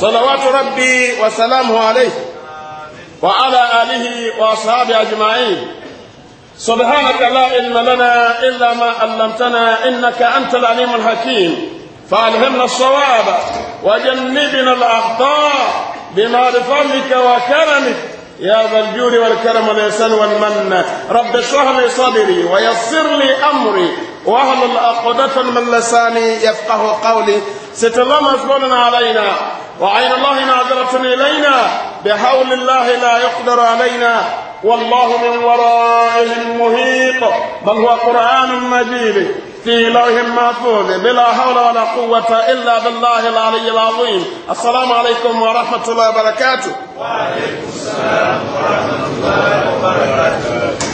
صلوات ربي وسلامه عليه وعلى آله وأصحابه أجمعين سبحانك لا علم لنا إلا ما علمتنا إنك أنت العليم الحكيم فألهمنا الصواب وجنبنا الأخطاء بما لفضلك وكرمك يا ذا الجود والكرم والإحسان والمنة رب اشرح لي صدري ويسر لي أمري واهل الاقدة من لساني يفقه قولي ست الله مجبول علينا وعين الله ناظرة إلينا بحول الله لا يقدر علينا والله من ورائهم محيط بل هو قرآن مجيد في لوح محفوظ بلا حول ولا قوة إلا بالله العلي العظيم السلام عليكم ورحمة الله وبركاته وعليكم السلام ورحمة الله وبركاته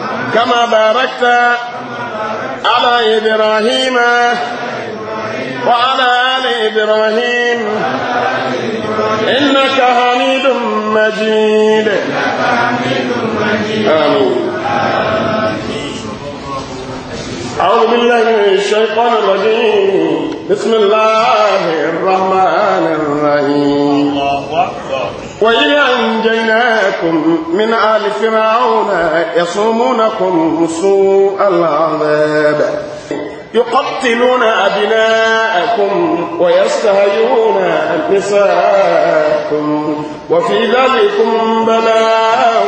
كما باركت على إبراهيم وعلى آل إبراهيم إنك حميد مجيد آمين أعوذ بالله من الشيطان الرجيم بسم الله الرحمن الرحيم الله أكبر وإذ أنجيناكم من آل فرعون يصومونكم سوء العذاب يقتلون أبناءكم ويستهيون نساءكم وفي ذلكم بلاء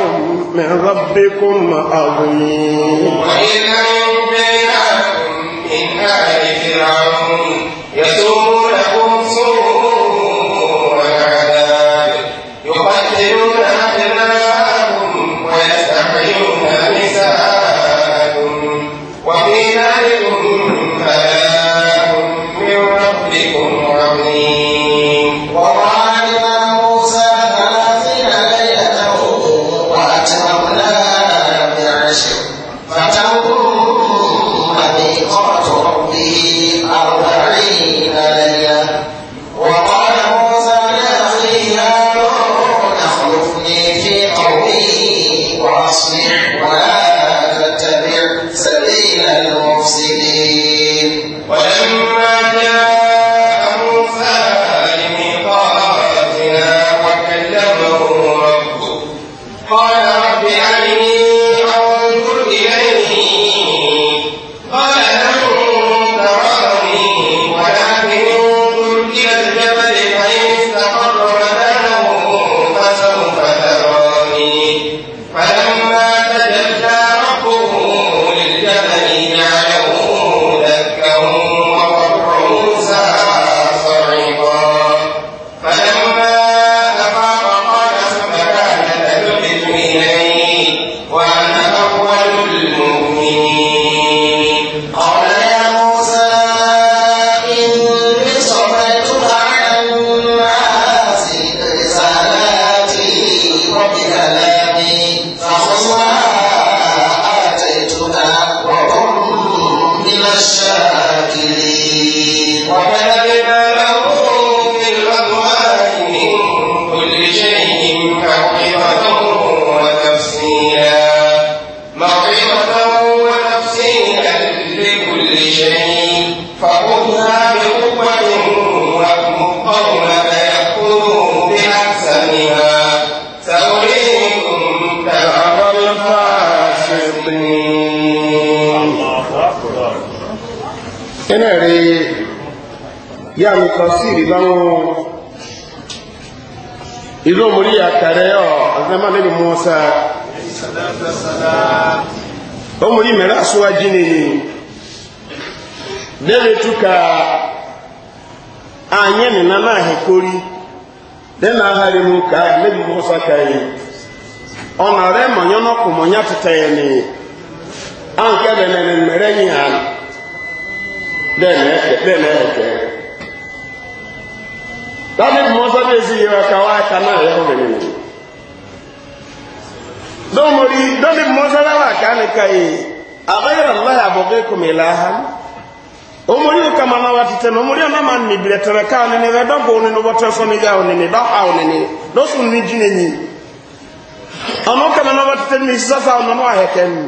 من ربكم عظيم وإذ أنجيناكم من آل فرعون يصومونكم سوء tafsiri báwọn ìlú omori àkàrẹ ọ àgbẹmọ níbi mọsá omori mẹrẹ aṣọwájú ni dẹbi tuka na na náà hẹkọrí dẹna ahari mu ka níbi mọsá kàyé ọ̀nà rẹ mọ̀nyọ́ náà kò mọ̀nyá tẹ̀tẹ̀ yẹn ni mere bẹ̀rẹ̀ mẹrẹ yìí na dẹ́nà David mmụọ bɛ ezi iwe ka waa ka n'a yɛrɛ bɛ ne ye. Dɔnbori mmụọ Musa bɛ waa ka ne ka ye. A y'a bụ k'e kun bɛ laha. O mori o kama na na o mori o ma ni bila tɛrɛ k'a ni ne bɛ dɔ ụbọchị ọsọ ni ne bɔ tɛ sɔmi k'a o ni ji ne ni. na waati tɛ ni o nɔnɔ a yɛ kɛ nu.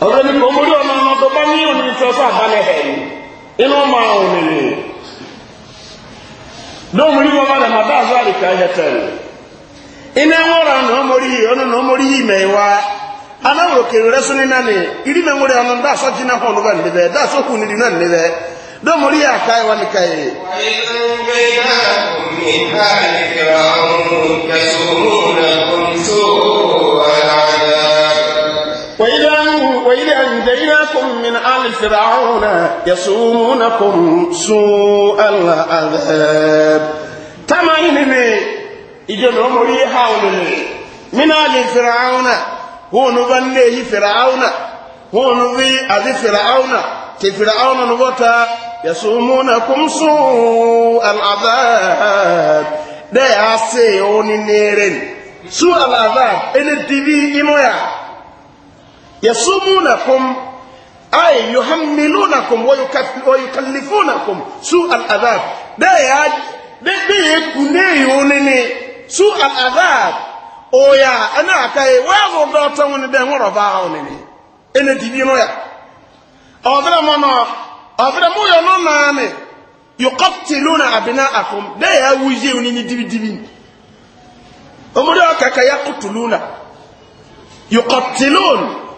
Ɔlɔdi o mori o na na dɔ ba n'omuli wabana mabaaza alika yatali inengora ọmụrụ ono n'omuli imewa anawulokere reso ninani ilime ngore ono ndaso jina hono bandibe daso kunili nandibe domuli yakaye wanikaye وإن أنجيناكم من آل فرعون يصومونكم سوء العذاب تمايني إجن عمري حولي من آل فرعون هو نبنيه فرعون هو نبي أذي فرعون كفرعون نبوتا يصومونكم سوء العذاب ده أسيوني نيرين سوء العذاب إن التبي إنويا يصومونكم أي يحملونكم ويكلفونكم سوء العذاب ده يا ده يكوني سوء العذاب أو يا أنا كاي وأنا دوتون ده مرة باوني إن دينو يا أبدا ما أبدا مو ينو نامي يقتلون أبناءكم ده يا ويجيوني دبي دبي أمريكا كاي يقتلون يقتلون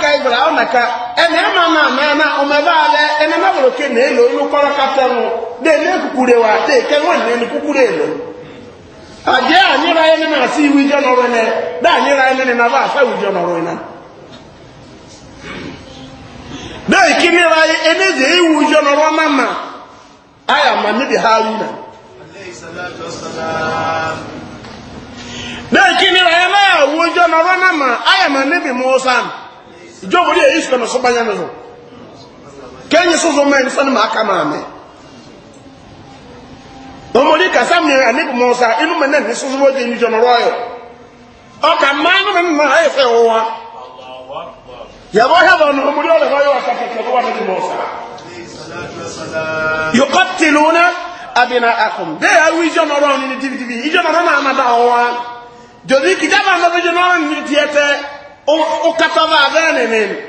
ka ibra ọ na ka ẹnna na ama ẹna ọmọ ẹba ke na elu inu kọrọ kata mu de ne kukure wa de ke wọn na enu kukure elo na-asị iwu nínú n'ọrụ na asa iwu n'ọrụ nọrọ ma, ayé ma bi ha na. dé ìkínira na n'ọrụ nọrọ ma ma ìjọ mo rí èyí sùkọ́ náà sọ́gbà yẹn nínú kẹ́yìn sọ́sọ́ mẹ́rin sọ́ni máa ka máa mẹ́ ọmọ ní kàsá mi àníbù mọ́ sá inú mi náà ní sọ́sọ́ wọ́n di ìjọ náà rọ́ọ̀yọ̀ ọkà máa ń rìn náà ayé fẹ́ wọ́n wa yàgò yàgò ọ̀nà ọmọ ní ọ̀lẹ́fọ́ yóò sá kẹ̀kẹ́ wọ́n ti mọ̀ sá. yòókọ́ tìlú náà abina akọm bẹ́ẹ̀ awo ìjọ náà rọ́ọ̀ ní dibidibi ìjọ náà rọ́ọ̀ náà má dá ọ wa jòdì kìjábà náà bẹ́ẹ̀ jọ náà ní tiẹ̀ tẹ́ ukatava avene nini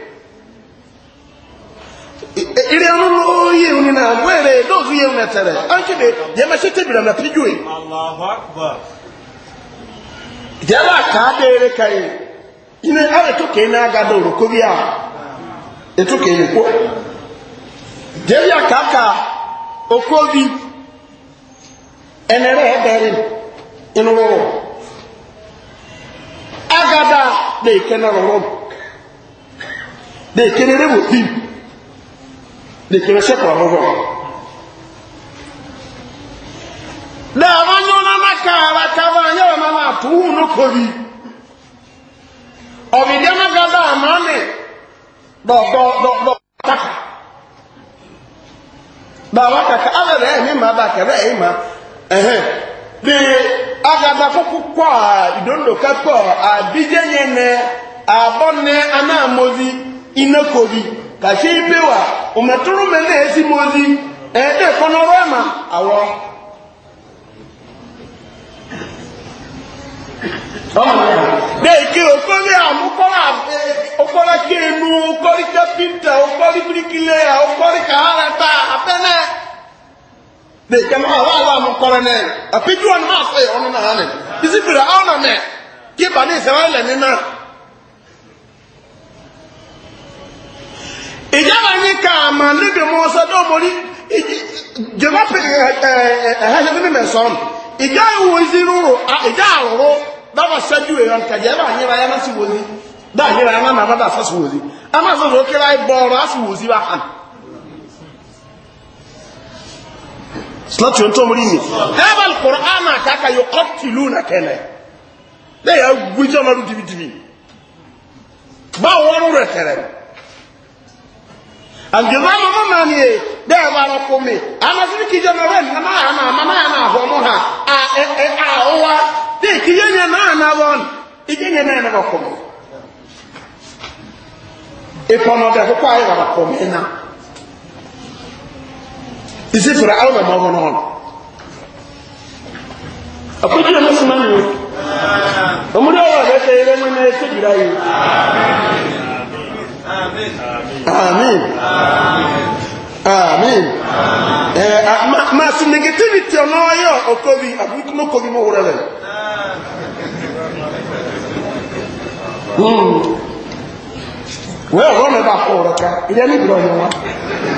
ile ono ye unina mwele dozu ye unatere ankibe yema shete bila napijui Allahu akbar jaba kadere kai e. ine ale to ke na gado rokobia eto ke e ko jebia kaka okobi enere ebere inu agada de kene rɔrɔm de kene rebo bim de kene sɛ kɔrɔ rɔrɔm dama nyɔna na kaara kaba nyɛ wɔn na tuhu no kobi ɔbi na agada amaame dɔ dɔ dɔ dɔ taka dama kaka ala rɛ ɛmi ma ba kɛ rɛ ma ɛhɛn. de agadakɔkɔ a idondokakɔ a bidzenye nɛ abɔ nɛ anamozi inakovi kàṣe ibe wa òmẹtúrú mẹlẹ mọzi ẹdẹ kọnọrọ ẹmà àwọ. bẹẹ kí okòlè àmúkọlà okòlè kéénu okòlè kẹpìntà de kama a wa wa mu kɔrɔ nɛ a piju wani ma se ɔno na ha nɛ isi fira aw na mɛ k'i ba ni sɛbɛn lɛ ni na. ìjábá yín ká a ma níbi mọ sọdọ mọrí jẹba pe ẹ ẹ ẹ ẹ mímẹ sọm ìjà ìwò ìzirúurú ìjà àrùrù dáwà sẹjú èèyàn kẹjẹ ẹ bá yín ra yẹn lọ sí wòlí dáà yín ra yẹn lọ nàbàdà sọ sí wòlí ẹ má sọ sọ kí ra ẹ bọ ọrọ á sì wòlí wá hàn. sílátì ohun tó mú rí ní herbal quran àkàkà yóò kọ́ tìlú nà kẹ́lẹ̀ lẹ́yà wíjọ́ lọ́dún dìbìdìbì báwo wọ́n rẹ̀ kẹ̀rẹ̀ àgbẹ̀bá mọ́mọ́ náà ni èyí bẹ́ẹ̀ bá rọ́pò mi anásírí kìjọ náà rẹ̀ nàmá àná àmàmá àná àbọ̀ mọ́ ha àwọ̀wá bí kìjọ yẹn náà na wọ́n ìjẹ́ yẹn náà náà rọ́pò mi ìfọ̀nà ọ̀dẹ̀ púpọ̀ ayé mi isi fir'aun na mawa non akwai jira musu mani ne amma da wa da kai ran mun ne su jira yi amin amin amin eh ah, ma ma su negativity ono yo A abu kuma kobi mo wurale mm wẹ́ẹ̀ rọ́ọ̀nù ẹ̀ bá kọ́ ọ̀rọ̀ ká ilé ẹni ìbìlọ̀ ọ̀yọ́ wa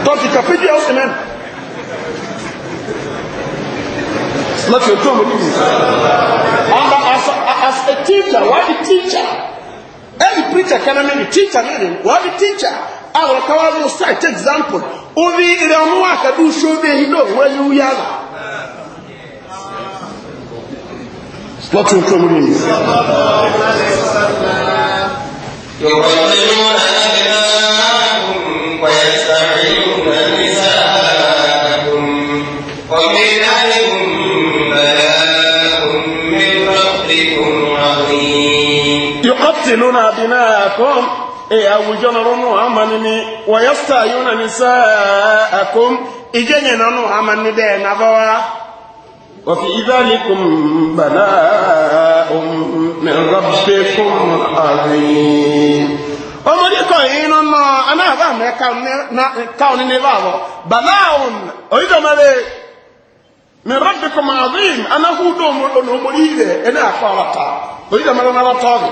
tọ́kì kàfíjì ọ̀sìn náà láti ọjọ́ òmìnir ọba as a teacher wà á teacher ẹni preacher kan náà ní teacher náà ní wà á di teacher àwọn káwá mú site example orí ilẹ̀ ọmọ àkàdú ṣóbi èyí náà wọ́n yóò yára láti ọjọ́ òmìnir يقتلون أبناءهم ويستحيون يقتلون أبناءكم إيه أو جنرون أمنني ويستعيون نساءكم إجنين أمنني دين أبوا وفي ذلكم بلاء من ربكم عظيم ọmọdé kan yìí nínú anáàbà mẹ́kàún ní báwọ̀ bàláhùn orídọ̀mọ́lẹ̀ mẹ́rọ̀dẹ̀kọ̀mọ̀ àdín anáhùdó ọmọdé rẹ̀ ẹni àpá ọ̀rọ̀ta orídọ̀mọ́lẹ̀ ọmọdé tọ́ọ̀rẹ̀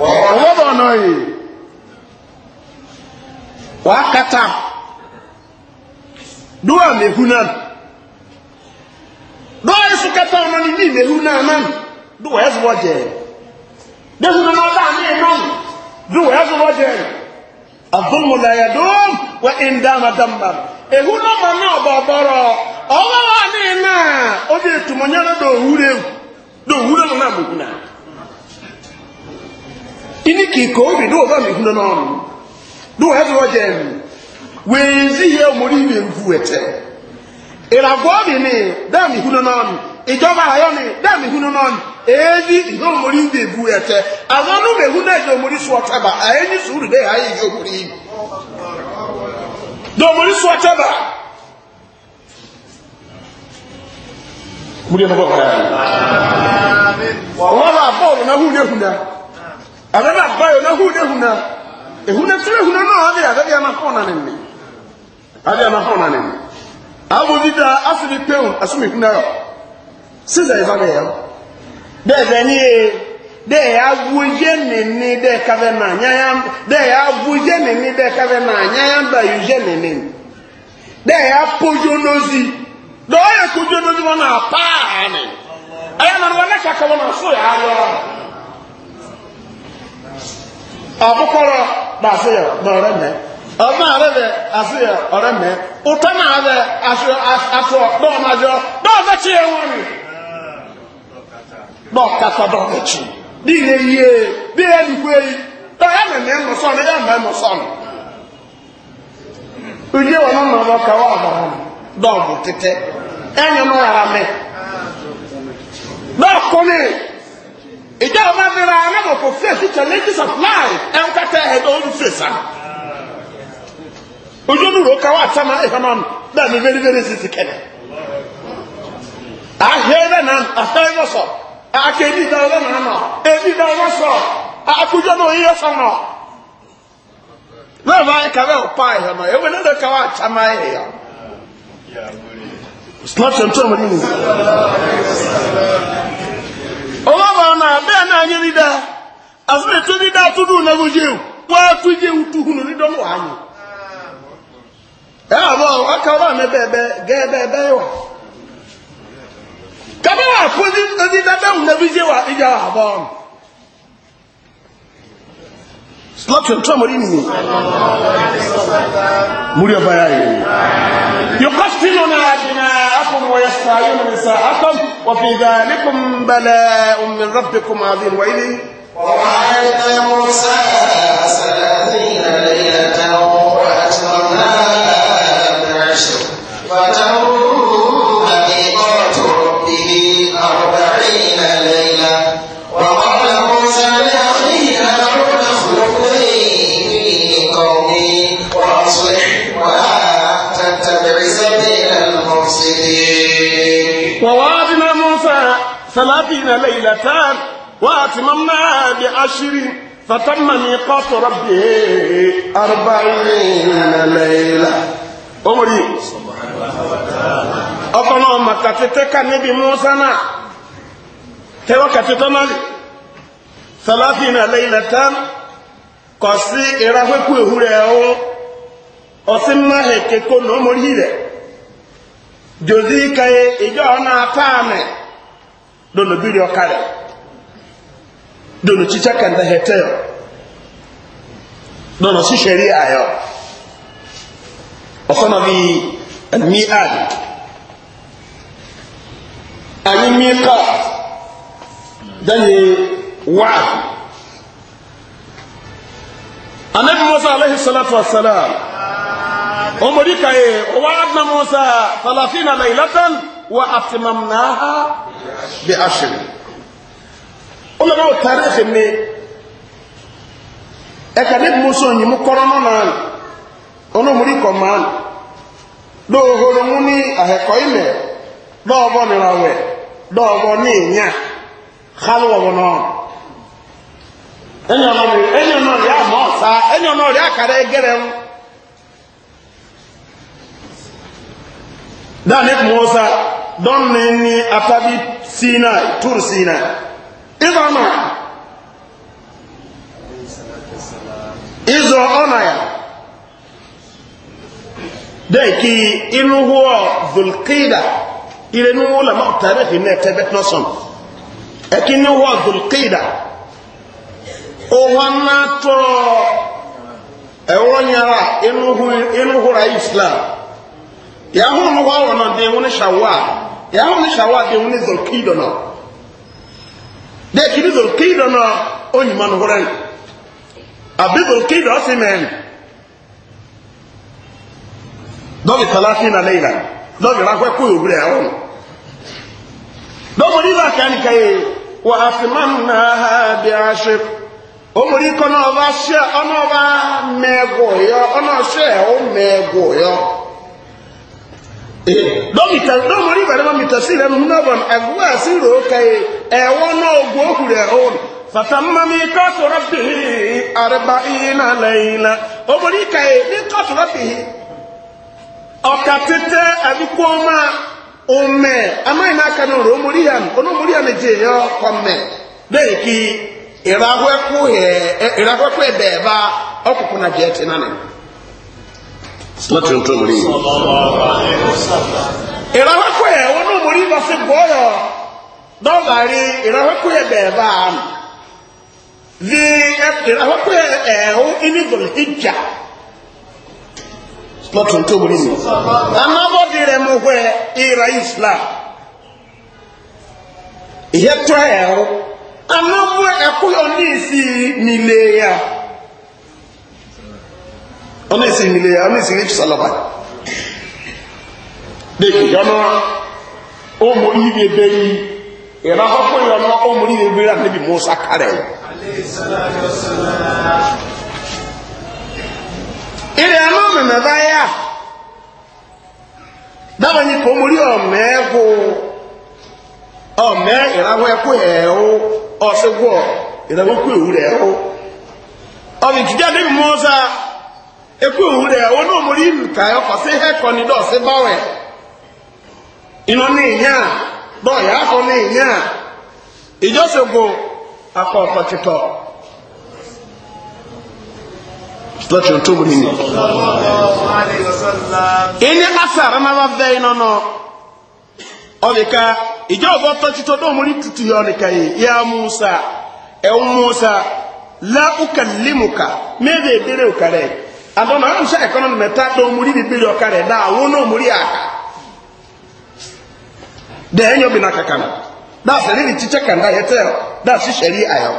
ọwọ́ bọ̀ náà yìí wàá kata dúwà mẹ́hu náà dúwà yẹsùn na ọmọ ní bíi mẹ́hu náà náà n'ọba yẹsùn wọ́n jẹ́ dẹ́sùn náà ọ̀dà àmì ẹ̀nà dúwà yẹsùn wọ́n jẹ́ àbúmùláyà na wà ń dáná ọbọrọ. ehu náà mọ̀ náà bọ̀ bọ̀rọ̀ na wa na ini kìkọ́ obi dùn ọ̀sán mi hùnà náà nù dùn ẹ̀ sọ̀rọ̀ jẹ́ mi wèézì yẹ ọmọdé ìwé nfu ẹ̀tẹ̀ ìràgọ́ mi ni dá mi hùnà náà nù ìjọba ayọ́ mi dá mi hùnà náà nù èézì ìhọ́ ọmọdé ìwé bu ẹ̀tẹ̀ àwọn ọdún mi hùnà ẹ̀jẹ̀ ọmọdé sọ ọ̀tẹ̀bà àyẹ̀ ní sùúrù dẹ́ àyè ìjọ ọmọdé yìí dọ̀mọdé sọ ọ̀tẹ̀bà. múlẹ̀ mọ́ bọ̀ wọ́n bá bọ́ọ̀lù náà hùnà hùnà. ara na abayo na hude huna ehuna tire huna na ade ade ya makona ne me ade ya makona ne me abu dida asibi peun asumi huna yo siza iza ne yo de zani e de ya je ne ne de ka be na nya ya de ya je ne ne de ka be na nya ya ba je ne ne de ya pojo nozi do ya kujo nozi wona pa ne ayo na wona shaka wona so ya yo abukɔrɔ ba ase yɛ ɔrɛ mɛ ɔmɔ are bɛ ase yɛ ɔrɛ mɛ utama bɛ aso aso dɔɔnadzɔ dɔɔnɛ tsi yɛ wɔri dɔɔkata dɔɔnɛ tsi bi ne yie bi yɛ nukue yi dɔɔyɛ mɛmɛ mɔsɔn ne yɛ mɛmɛ mɔsɔn oye wɔn nɔ bɔ kawa ɔbɔn dɔɔbu tete ɛnyɛ mo yàrá mi dɔɔkuni ìjọ ọmọ abẹ́rẹ́ anáwọ̀ for face with challenges of life ẹ̀ ń kẹta ẹ̀ ló ń fèsà. ojú ọdún rò káwá àtàmà ìfọ̀mọ́ bẹ́ẹ̀ ni very very sisi kẹ́lẹ̀. àhẹ́rẹ́ náà àhẹ́rẹ́ náà sọ àkẹ́bí ìdáwọ́lẹ́ náà nọ ẹbí ìdáwọ́ sọ àkójọ náà yíyọ sọ nọ. lọ́wọ́ báyìí kàwé ọ̀pá ẹ̀yọ náà ewé náà káwá àtàmà ẹ̀yọ. Snapchat tó ọmọdé mi. ọwọ́ na ọ̀nà bẹ́ẹ̀ náà yẹ dídá àfihàn tó dídá tó dùn náà gbójú ewu wọ́n á tún yé wutu hùn ní dọ́nù ààyè ẹ àbọ̀ ọkà ọba mi wà Slapshot ntwa muri ni. Muri abayaye. Yuqastiluna abnaakum wa yastayuna nisaakum wa fi dhalikum bala'un min rabbikum 'azim wa ilayhi وَعَلَى مُوسَى ثَلَاثِينَ لَيْلَةً وَأَتْمَمْنَاهَا بِعَشْرٍ فَتَمَّ ثلاثين ليلة وأتممنا بعشر فتم ميقات ربه أربعين ليلة أمري أقنا مكتتك نبي موسى تيوكتتنا ثلاثين ليلة قصي إرافكو هريو أسمى هكيكو نمري جزيكا إجانا تامي dono biri ɔkare dono kyikya kanda hɛtɛl dono sihwɛri ayɔ ɔfɔna bi eh, mi ad anyi mi ka dani wa anabi musa alayhi salatu wa salam ɔmɔdi ka ye wa adna musa talafina laylatan. وأتممناها بعشر أمنا التاريخ إني أكاديب موسى نيمو كورونا نان أنا مري كمان دو هرموني أهكويمة دو أبوني راوي دو أبوني نيا خلو أبونا أنا أنا أنا يا موسى أنا أنا يا كاري جرم danek musa don ne ni atabi sinai tur sinai izama izo onaya dai ki inu huwa zulqida ile nu wala ma tarihi ne tebet noson ekin nu huwa zulqida o wana to e wonyara inu hu inu hura islam yahoo no wawo no de wone shawa yahoo ne shawa de wone zulkido no de kidi zulkido no onyima no horen abi zulkido asimen dɔbi talatin na leila dɔbi rakɔ ɛkó yobiri ɛwɔ kan ha omori dọ́mìtà dọ́mọ̀rí bẹ̀rẹ̀ mọ́ ka sí ìrẹ́nu náàbọ̀n ẹ̀gbọ́ àti ìrò kẹyẹ ẹ̀wọ́n náà ogun òkùnrin ẹ̀hún fàtàmàmì kọ́tù rọ́bì àrẹ́bà iná lẹ́yìnlá ọmọrí kẹyẹ ní kọ́tù rọ́bì ọ̀kà tẹ́tẹ́ àdúgbò ọmọ ọmọ amáyìn aka ní ọ̀rọ̀ ọmọrí yàn ọmọrí yàn jẹ yọ kọmẹ bẹ́ẹ̀ kí ìràwọ̀ ẹ̀kú na láti ohun tó mú rí ìrànwọ́kọ̀ ẹ̀ wọn náà mú rí lọ sí bọ́ọ̀yọ̀ dọ́ọ̀là rí ìrànwọ́kọ̀ ẹ̀ bẹ̀ẹ̀ bá a nù di ìrànwọ́kọ̀ ẹ̀ ẹ̀hún inú ìdòlù ìjà láti ohun tó mú rí mi anábọ́dì rẹ̀ mú hwẹ́ ìrà islam ìyẹ́tọ́ ẹ̀hún anábọ́ ẹ̀kúyọ̀ ní ìsì nílé yà. ọmọ ya na ọmọ ìsìn ìrìkì sọlọ́bà dèkì yọnà ọmọ ìbí ebe yìí ìrà ọkọ̀ yọnà ọmọ ìbí ebe rà níbi musa kárẹ̀ ìrẹ̀ ka ọ̀mẹ̀mẹ̀ báyà dáwọn yìí kò mórí na ẹ̀kọ́ ọ̀mẹ̀ ìràwọ̀ ẹ̀kọ́ ẹ̀hó na ìràwọ̀ ẹ̀kọ́ ekú òun rẹ̀ òun náà mo rí ìlùkà ọkọ̀ sí hẹ́kọ̀ ní dọ̀sí báwẹ̀ iná ní ìyàn bọ́ọ̀yà akọ ní ìyàn ìjọsìnkú akọ ọ̀tọ̀ títọ̀ lọ́tí ohun tó wù nínú. ìní asàrà náà bẹ́ iná náà ọ̀nìkà ìjọ ya musa ewu musa lákùkà límùkà mẹ́rin ìbéèrè àtọ́nà ọ̀rọ̀ ṣe ẹ̀kọ́nà mẹ́ta tó múrí bíbélì ọ̀ka rẹ̀ dá àwọn náà múrí àkà dẹ̀ ẹ̀yọ́ bí na kàkànà dáàsì rí ni títẹ́ kàndá yẹ tẹ́ dáàsì ṣẹ̀rí àyọ̀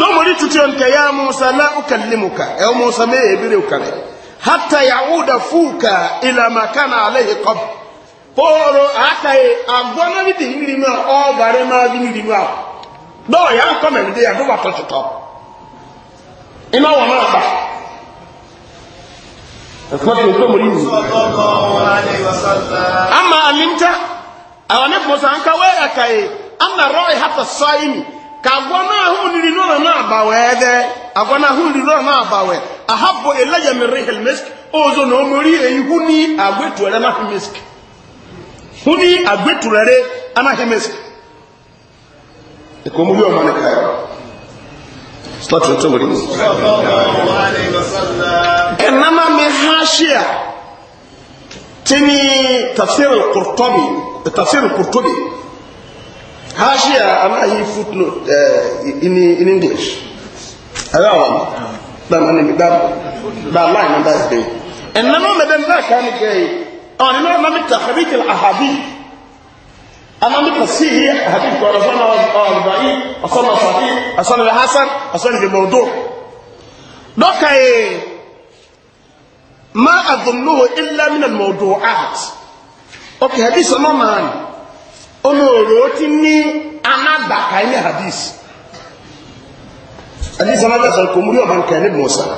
lómúrí tuntun nkẹ yá musa lá ukàlí mu ká ẹ̀ musa mẹ́ ẹ̀ bírè ukà rẹ̀ hata yahuda fúkà ìlànà kánà alẹ́ yìí kọ́ pọ́ọ̀rọ̀ àkàyè àgbọ̀nà nídìí nírìmọ́ ọ̀ iná wà máa bà ẹ̀kọ́ tí ó tó mọ̀rí nìyí. a máa ní njá àwọn ní mọ̀sá ń kawé ẹ̀ka yìí a nà rọ ìhàtà sáyé mi ka àgọ́ náà hùn nìyí lọ́nà náà bà wẹ́ dẹ́ àgọ́ náà hùn nìyí lọ́nà náà bà wẹ́ àhàbò ẹlẹ́yẹmí rí hẹlmẹ́sì ọ̀zọ́ náà mo rí èyí hù ní àgbẹ̀tùrẹ́ náà hẹmẹ́sì hù ní àgbẹ̀tùrẹ́ náà hẹmẹ́sì. ẹ̀kọ́ mo rí ọmọ nìkan yẹn. صلاة التمرين صلى الله عليه وسلم إنما من حاشية تني تفسير القرطبي تفسير القرطبي حاشية أما هي فوتنوت إن إن إنجلش هذا هو ده من ده ده لاين ده إنما مدن ذاك كان جاي أنا ما ما بتخريج الأحاديث أنا مثل السيه حديث الله الضعيف أصلا صحيح أصلا الحسن أصلا في الموضوع دوك ما أظنه إلا من الموضوعات أوكي حديث ما مان أنا روتيني أنا بكايني حديث حديث أنا بس الكمري ومن كان موسى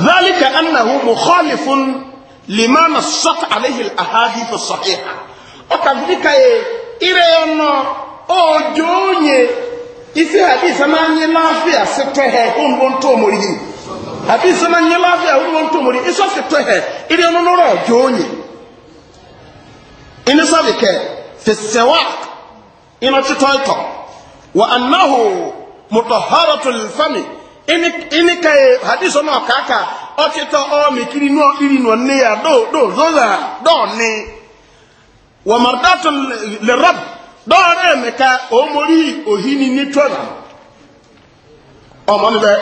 ذلك أنه مخالف لما نصت عليه الأحاديث الصحيحة ọkàfíkà yẹ ire ọ̀nà òjò òye isi hadith ama nye lafiya si tɔhɛ ohun bo ntɔ omori yi hadith ama nye lafiya ohun bo ntɔ omori isɔ si tɔhɛ ire ɔno no rɔ ɔjɔ onye inisa bi kɛ fesɛwa ina titɔ itɔ wa anahu mutɔhara to lifami ini ini ka ye hadith ɔno do do zoza do wọ́n mọ̀ dátọ̀ lè rọ́bù dọ́ọ̀rẹ́ mẹ́ka òmórí òhìní ní tọ́lá ọmọ níbẹ̀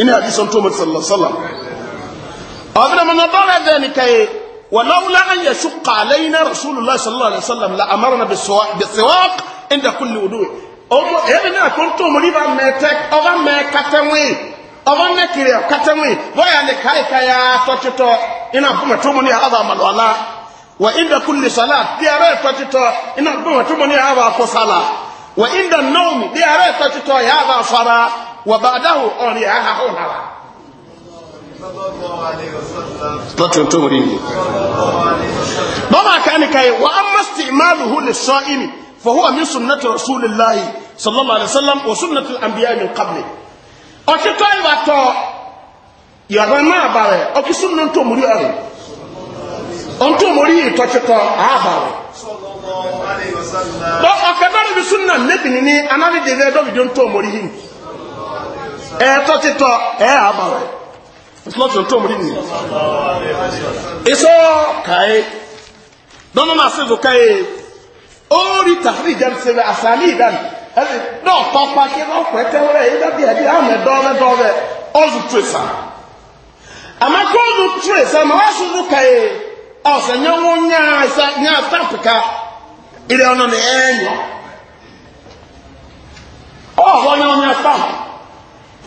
iná àdísọ́ tó mọ̀ sọ̀lọ̀sọ̀lọ̀ ọ̀bìnrin mọ̀ dọ́ọ̀rẹ́ bẹ́ẹ̀ ní kẹyẹ wọ́n lọ́wọ́lá ń yẹ ṣù kàlẹ́ iná rasulullah sallallahu alayhi wa náà kó tó wa inda kulli salat di ara ta tito ina bu wa tumoni aba ko sala wa inda nawmi di ara ta tito ya ba fara wa ba'dahu on ya ha hona wa sallallahu alaihi wasallam bama kan kai wa amma istimaluhu lis-sa'imi fa huwa min sunnati rasulillahi sallallahu alaihi wasallam wa sunnati al-anbiya min qabli o ti kai wa to ya ba ma ba o ki sunnan to muri ari ọ̀ntú omori yìí tọ́kítọ́ ààbàrẹ̀ ọ̀kẹ́bẹ̀rẹ̀ bí súnà nẹ́bìnrin ní anárídèrè ẹ̀dọ́bìdì ọ̀ntú omori yìí ẹ̀ tọ́kítọ́ ẹ̀ ààbàrẹ̀ ìsúlọ́tì ọ̀ntú omori yìí ìsọ́ kàí dọ́nà náà sí ìzùkáyé ó rí tàfíì jẹ́ sẹ́rẹ̀ àsàlì ìdánù náà tọ́pa kí náà pẹ́ tẹ́wọ́rẹ́ yìí dábìí àbí àmì dọ́ọ̀rẹ́ dọ́ọ̀rẹ́ ọ̀zù tùrẹ̀sà àmọ́ kó ọ̀zù tùrẹ̀sà máa ṣùgbọ́n kàí ọsẹ nye ŋu nyaasa nyaasa pika ire ọ̀nà ni ẹ nyọ ọhọ nye ọnyà pam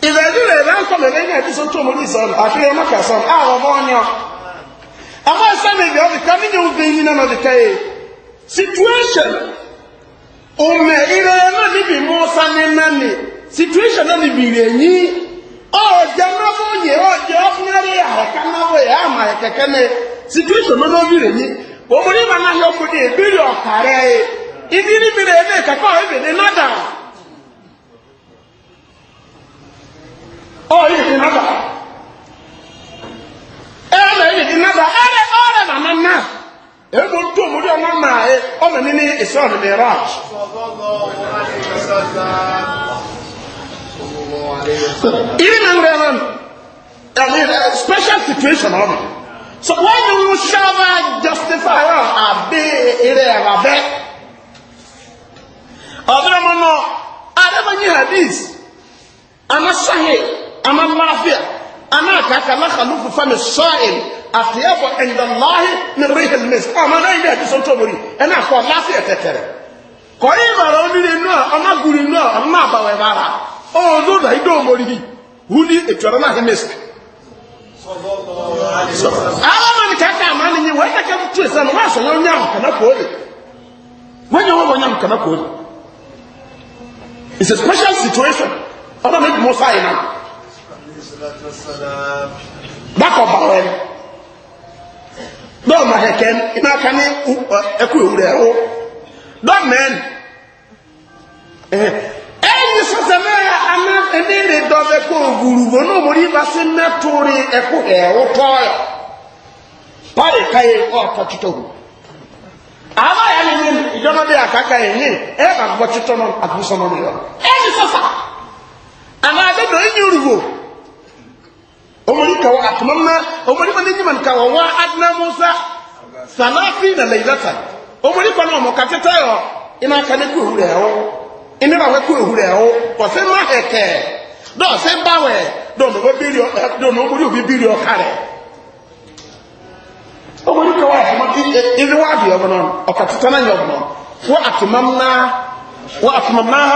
ìrẹ̀lú rẹ̀ rẹ̀ ń sọ̀rọ̀ lẹ́yìn ẹ̀dí sọ́tò ọmọ ní sọ̀rọ̀ àfihàn ẹ̀mọ́ kẹsàn án àwọn ọmọ ọ̀nyà àwọn ẹ̀sẹ̀ mi bìí ọ̀dì kan níyẹn obìnrin yìí nínú ọ̀dì kẹyẹ situation ọmọ ìrẹ̀ náà níbi mú sani nani situation náà níbi ìrẹ̀ yìí ọ̀jẹ̀ náà fún yìí ọ̀jẹ̀ ọ̀fun yẹn rí àhẹ̀kẹ́ náà wọ̀ yẹ̀ àmà si kristo mọ́tò bìrì yìí òmùrí ìmọ̀ náà ebiri ọkara un bìrì ọ̀kà rẹ̀ ẹ̀ ìdí níbi rẹ̀ ní kàkọ́ ìbì ní nádà ọ̀ na ní nádà ẹ̀ ọ̀rẹ́ na ní nádà ẹ̀rẹ́ ọ̀rẹ́ màmá náà èmi ń special situation So when you shall justify her, I be ere rabe. Ọ̀dọ́ ọmọ náà, Adébáyé Hadiz, Anasahi, Amalafia, Anakaka Lakhalu Fufami Sọ́ọ̀l, Àtìyàbọ̀ Ẹ̀ndàláhi ní Rihel Mins. Ọmọ náà ilé ẹ̀dí sọ́tọ̀ mọ̀rí, ẹ̀nà àkọ́ láfíà tẹ̀tẹ̀rẹ̀. Kọ̀ ìbàrà onílé náà, ọmọgùnrin náà, ọmọ àbàwẹ̀ bàrà. Ọ̀dọ́ ìdó mọ̀rí, hú ní ètò ọ̀rọ̀ náà awa ma ni kaka ama ni nyi wɔyɛ kɛ tu esan wɔn asɔ yɛn nyam kana kooli wɔn nyɛ wɔn wɔn nyam kana kooli it's a special situation ɔba mi dum ɔfa yi na bakɔ ba wɛ dɔw ma hɛ kɛn ina ka ni ɛku ewura ɛwo dɔw ẹ̀yìn sọ́sẹ̀ mẹ́ra aná ẹ̀dẹ́rẹ̀ dọ́bẹ̀ kó gbùrùgbò náà mo rí bá sí mẹ́tòrí ẹ̀kú ẹ̀rọ tọ́ọ̀yọ̀ báyìí káyé ọ̀pọ̀ títọ̀ hù àbá yà ni yín ìjọba bí àkàkà yìí omori kawo omori wa adina musa sanafi na omori kakita ina ime ba wekọ ewure ẹwọ ọsẹ má hẹkẹ dọ ọsẹ ọ dọ ọmọ ọmọdé òbí bírí ọ kárẹ ọmọdé kẹwàá ọmọ ìdí wà bí ọmọ náà ọkà títà náà yọ ọmọ náà wọ àtìmọm náà wọ àtìmọm náà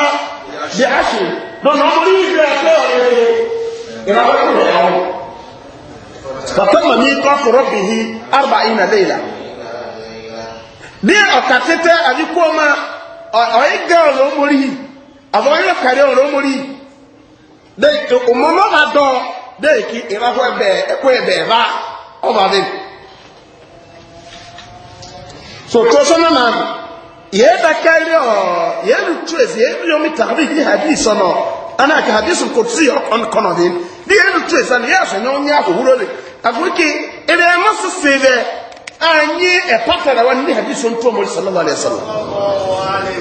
ọ̀rẹ́ gẹ́ ọ̀rọ̀ mórí àmọ́ yóò kàrí ọ̀rọ̀ mórí òmùmọ́ bá dọ̀ déèkì ìrákọ̀ ẹ̀bẹ̀ ẹ̀kọ́ ẹ̀bẹ̀ ọba so tó sọ́nà náà yéé dàkẹ́ ilé ọ̀ yéé lu tírèsì ana ka hadisu kò tí ọkàn kọ̀nà dé ní yéé lu tírèsì àná yéé àṣẹ anyi epatara wa ndi hadisi onto omori sallallahu alaihi wasallam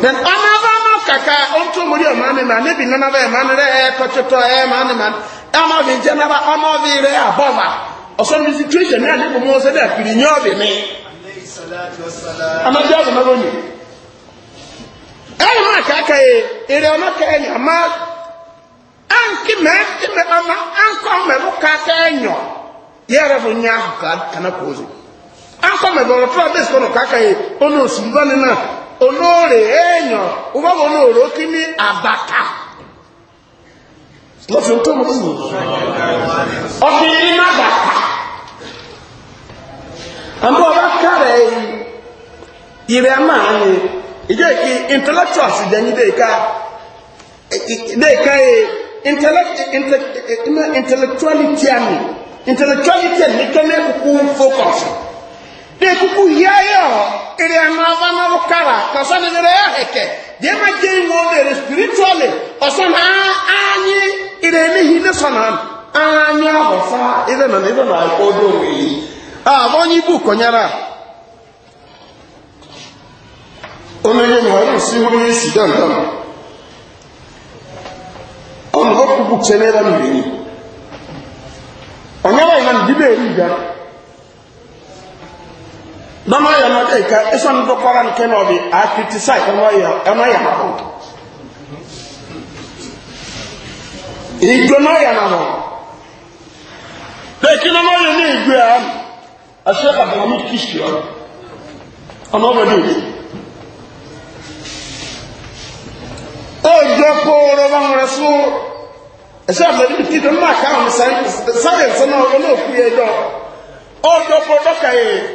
then anava no kaka onto omori o mani ma ne bi nanava e mani re e kochoto e mani man ama bi jenaba ama bi re abova oso mi situation na ne mo se da kiri nyo bi ni ama bi azu maro ni ayi ma kaka e ere ọma ka enyo ama anki me ti me ama anko me ru kaka enyo yere bu nya ka kana kozi akɔ mɛbɔrɔ tura bɛ sɔrɔ kaka yi ɔno osunba nina onore eyan wobɔbɔ onore okini abaka lọfi o tó mo sí ọfi nínú abaka àmọ ọba kára yi yìrì àmà ni ìjọ ìkí intellectuals jẹni dé ká dé ká yi intellectuality àmì intellectuality àmì kẹ́mẹ́ kúkú focus. de kuku hia yo ere amava na rukara kasa ne mere aheke de ma je ngo de spiritually osana anyi ere ne hi ne sana anyi abosa ere na ere na odo wi ah bonyi bu konyara onye ni wa si wo ni si dan dan on ho kuku chenera mbini onyara ina ndibe ri ga nọnọ yɛ no ɛka ɛsɛn dɔkɔra no kɛ na ɔde akritisai ɛnɔ yɛ yɛ igwe nɔ yɛ nabo bɛki yɛ ne igwe a ahyɛ abalamu kristu ɔ ɔnɔ bɛ de igwe kɔɔrɔ ba ŋmɛrɛ so ɛsɛ abalamu kristu ɔno aka ɔmo sɛ sɛ yɛ nsɛm ka yɛ.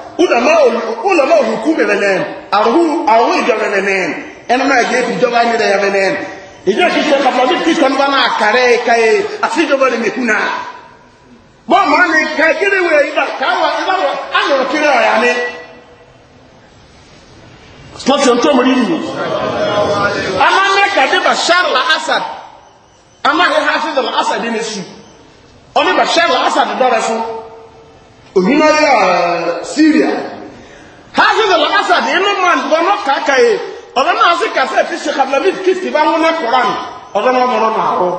ulama olùkú mẹ́rẹ̀lẹ́n àrùn ìjọrẹ̀lẹ́n ẹnu náà jẹ́ ìjọba mẹ́rẹ̀lẹ́n ìjọ ṣiṣẹ́ kàfàbí kristian akara náà kàrẹ́ káyé àfíjọba lè mẹ́kú náà bọ́ọ̀ mọ́ ni kẹ́kiri wẹ̀ ibà káwà ìbáwọ̀ ánàrọ̀ kiri ọ̀yà ni tọ́sán tó mọ̀ nínú amámẹ́kà ohun ayé uh, syria hafiz al-assad inú man bọ́nà kàkàyè ọ̀dọ́ náà sì kàfẹ́ fi ṣe kàbílẹ́bí kìtì bá wọn náà kọ́ra mi ọ̀dọ́ náà mọ̀rọ̀ náà rọ.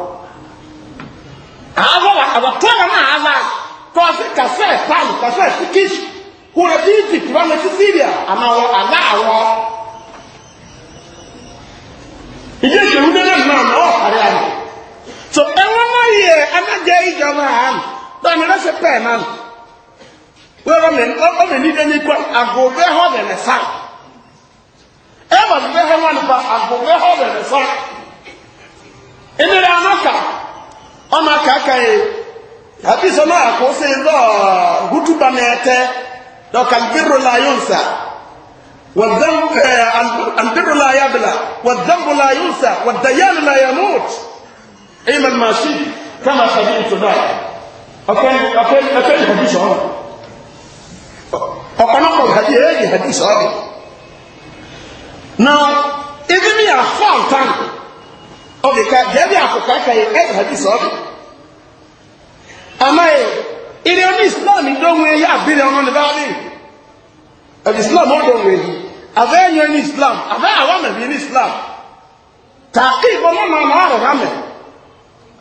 àwọn àbàtọ́nà náà àzá kọ́ sí kàfẹ́ pàlì kàfẹ́ sí kìtì kúrẹ́ bí egypt bá wọn sí syria àmà wọn àlá àwọ. ìdí ìṣèlú dédé náà náà ọ̀kárí àná. tó ẹ̀wọ̀n náà yẹ anájẹ́ ìjọba àná tó àmì rẹ́sẹ̀ pẹ́ẹ̀ náà wọ́n ọmọ ní dẹ́ni kọ́ agobe hɔ bɛ ne sa ɛwɔ bɛ hɔ wọn be agobe hɔ bɛ ne sa ɛnira anaka ɔna kaka yi hafi sɛ ɔna akɔsɛ lɔ hutu ba na ɛtɛ dɔka nbiro la yɔ nsa wɔdɛm ɛɛ anbiro la yɛ bila wɔdɛm la yɔ nsa wɔdɛyɛn la yɛ mut ɛyɛ mɛ maa si kama sɛ bi ntoma ɔkɛ ɔkɛ ɔkɛ nkɔbi sɔrɔ ọ̀pọ̀lọpọ̀ ìhàdí ẹ̀yẹ ìhàdí sọ́ọ̀dì na ebi mi afọ ntan ọdị ka jẹbi akụkọ aka ya ẹyẹ ìhàdí sọ́ọ̀dì amaghị ilé ọdún islam ndonwe ya abiri ọnụ n'ebe adị ọdụ islam ọdọnwe yi abẹ enyo ní islam abẹ awa mẹbi ní islam taaki ìbọn mọ màmá ọrọ ha mẹ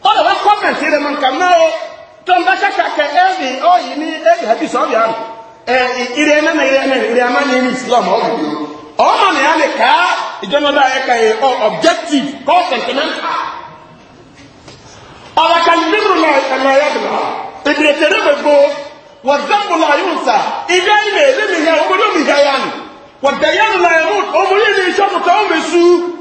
ọdọ wa kọmẹntì rẹ mọ nkà náà o tó n bá kẹkẹ ẹbí ọyìn ní ẹyẹ ìhàdí sọ́ọ̀dì ahụ ìrẹ ẹnẹ́nà ìrẹ ẹnẹ́nà ìrẹ ẹnẹ́nà ní islam ọ̀gbìn yìí ọmọ ní a lè ká ìjọba ẹ̀ka yìí ọ objective call sentimental ọ̀rọ̀ kan nínú náà ẹ̀ka ẹ̀yọ́ bìlá ìbìrẹ̀ tẹ̀lé gbogbo wọ́n dẹ́kun náà yóò sà ìdá ilẹ̀ ilé mi yẹ ọmọdé mi yẹ yánu wọ́n dẹ̀yẹ́ nù náà yẹ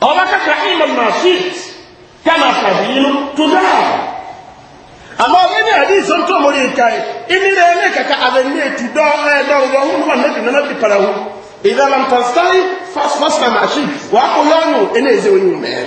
ọbaka kaka iman na kama sabilu tudara ama ọbẹ ní adi nsọ ntọ mo rí na kaka abẹni etu dọ ẹ dọrọ dọ ọhún wọn nẹbi para na mpansitari na shit wà á kó yọnu ẹni ẹzẹ wọn yìí mẹ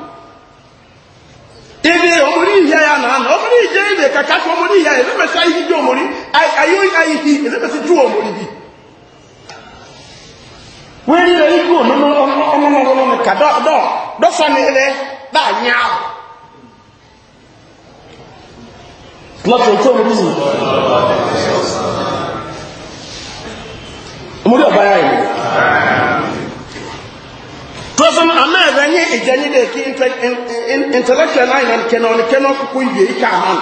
náà náà ọmọdé ìjẹ́ ilẹ̀ kàkà fún ọmọdé ìyá ẹ̀ lẹ́mẹ̀sí ayíhi bí ọmọdé ayé ayíhi lẹ́mẹ̀sí tú ọmọdé bí. wọ́n rí Tosun ama venye ejani de ki intellectual line and kenon kenon ku ibe ika han.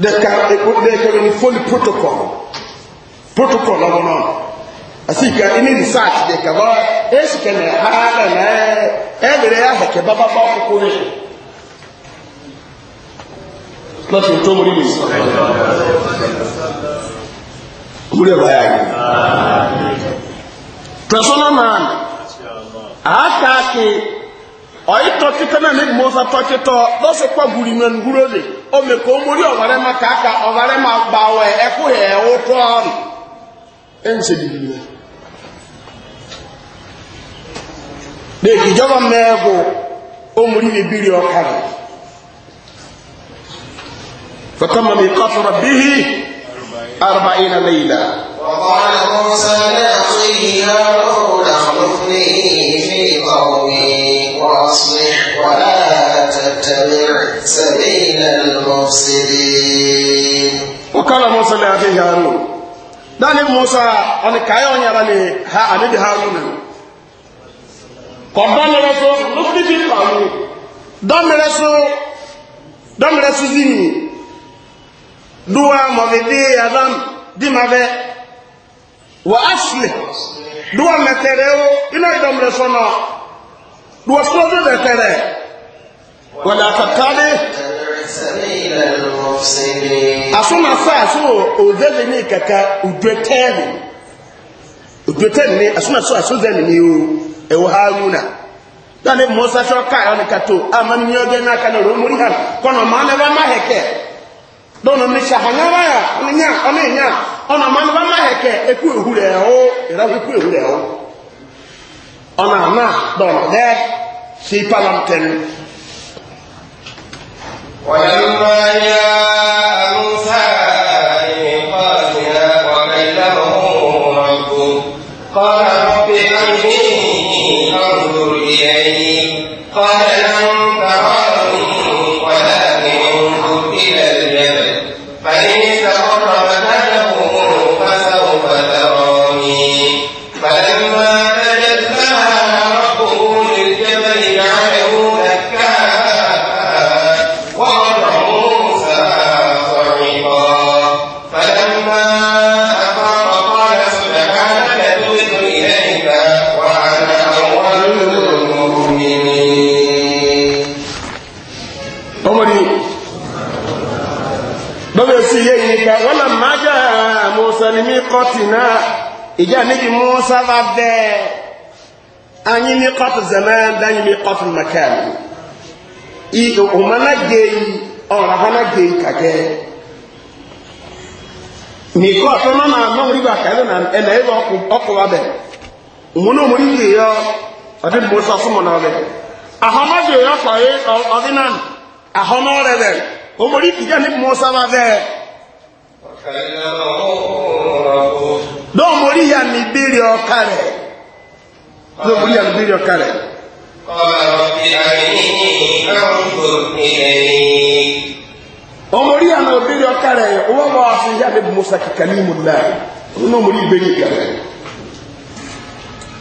De ka de ka ni full protocol. Protocol na wono. Asika ini research de ka ba es ken ha da na e bere ya ke baba ba ku ku ni. Lati to mo ni. Mure ba ya ni. Amen. sọ̀sọ́nà náà àákàkì ọ̀yítọ́ títẹ́ náà ní mọ́sá tọ́kítọ́ lọ́sẹ̀ pọ̀ gùrì mẹ́nu gúrò lè ó mẹ́kọ̀ mórí ọ̀várẹ́ máa kàákà ọ̀várẹ́ máa gbà wẹ̀ ẹkú yẹ̀ ó tọ́ ọ̀rùn ẹ̀ ń ṣe dìbìlì أربعين ليلة وقال موسى لأخيه يا رب اخلفني في قومي وأصلح ولا تتبع سبيل المفسدين وقال موسى لأخيه هارون dani musa ɔni kaayɛ ɔn yɛrɛ ni ha ani bi haruna kɔba nɛrɛ so lufin fi kaamu dɔ nɛrɛ so dɔ zini duwa mɔmidi adam dimabɛ wa asili duwa mɛtɛrɛ o ina idɔmrɛ sɔnɔ duwa sɔdɔ mɛtɛrɛ wala kakari asuna saasu ozeli ni kaka udwetɛni udwetɛni ni asuna so asuzɛni ni o ɛwɔ e ha yuna dani musa sɔ kaa yɔ ni kato ama ni yɔ n'aka n'a kan na o mori ha kɔnɔ maa na bɛ ma hɛ kɛ. dɔnɔ nisɛ hanyara ya ɔninya ɔninya ɔnà manuba ma hɛ kɛ eku ehu rɛ o yɛrɛ eku ehu rɛ o ɔnà ana dɔnɔ dɛ si palam tɛnu. wàlúwà yá musa ìkọ́sílẹ̀ wàbẹ̀lẹ̀ ọ̀gbọ̀n kọ́lá. ní mi kọ́tì náà ìjà va musa bá bẹ́ẹ̀ anyi mi kọ́tù zẹ̀mẹ́ dányi mi kọ́tù mẹ́kẹ́ni ìhùmọ́nà gèyí ọ̀rọ̀ hánà gèyí kàkẹ́ mi kọ́tù na nà mọ́ orí bá kẹ́lẹ́ nà ẹ̀nà wa ọ ọdí musa súnmọ́ náà bẹ̀ dɔw mori ya ni biri ɔka rɛ dɔw mori ya ni biri ɔka rɛ. omori ya na obiri ɔka rɛ wɔn bɔ ase ya ne musa kikali mu la ɔno omori biri ɔka rɛ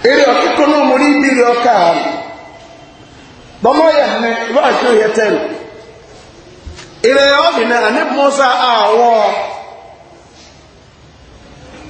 eri ɔkikɔ na omori biri ɔka rɛ bɔmɔ yɛ hɛnɛ ibà tó yɛ tɛlu ìrẹ̀ ọ̀bìnrin àní musa àwọ̀.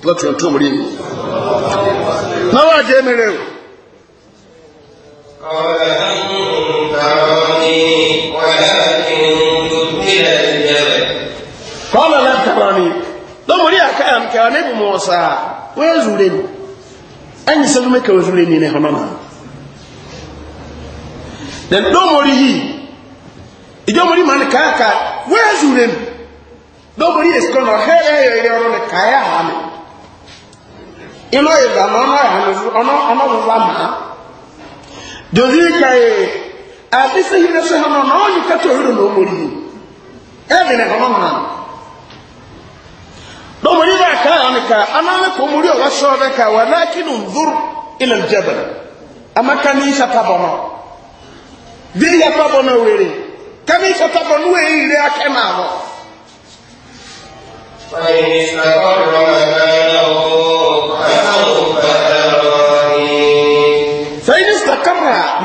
láti ọ̀tún òmìnirí mi náwà jẹ́ mẹ́rẹ̀ o kọ́lọ̀ látàrà ni lọ́mọrí àkáyà mkẹwà níbi mọ̀ ọ̀sá wọ́n zùrẹ̀ ni ẹni sẹ́lú mẹ́kẹwà zùrẹ̀ ni ẹ̀họ́nà náà lọ́mọrí yìí ìjọ́mọrí ma ní káàkà wọ́n zùrẹ̀ ni lọ́mọrí èsìkọ́nà ọ̀hẹ́rẹ́ ẹ̀rẹ́ ọ̀rọ̀ ni káyà hàmì ilo ìgbà mọ ọmọ ya nìzu ọmọ ọmọ wùwù àmà dòdì ìka yẹ àbísí yìí lẹsẹ hàn náà ọyìn kẹtọ òwúrọ náà ọmọ yìí ẹbí nà ọmọ hàn dọmọ yìí náà káyọ nìka anáwó kò mú rí ọwọ sọ ọbẹ ká wà láàkì nù ndúr ilẹ̀ jẹbẹ amaka ní ìṣe tábọ náà bí ìyá tábọ náà wéré kàmí ìṣe tábọ náà wéré ìrẹ akẹ́ náà wọ. Wọ́n yìí ní sàkọ́ ọ̀rọ̀ ọ̀rọ̀ ẹ̀rọ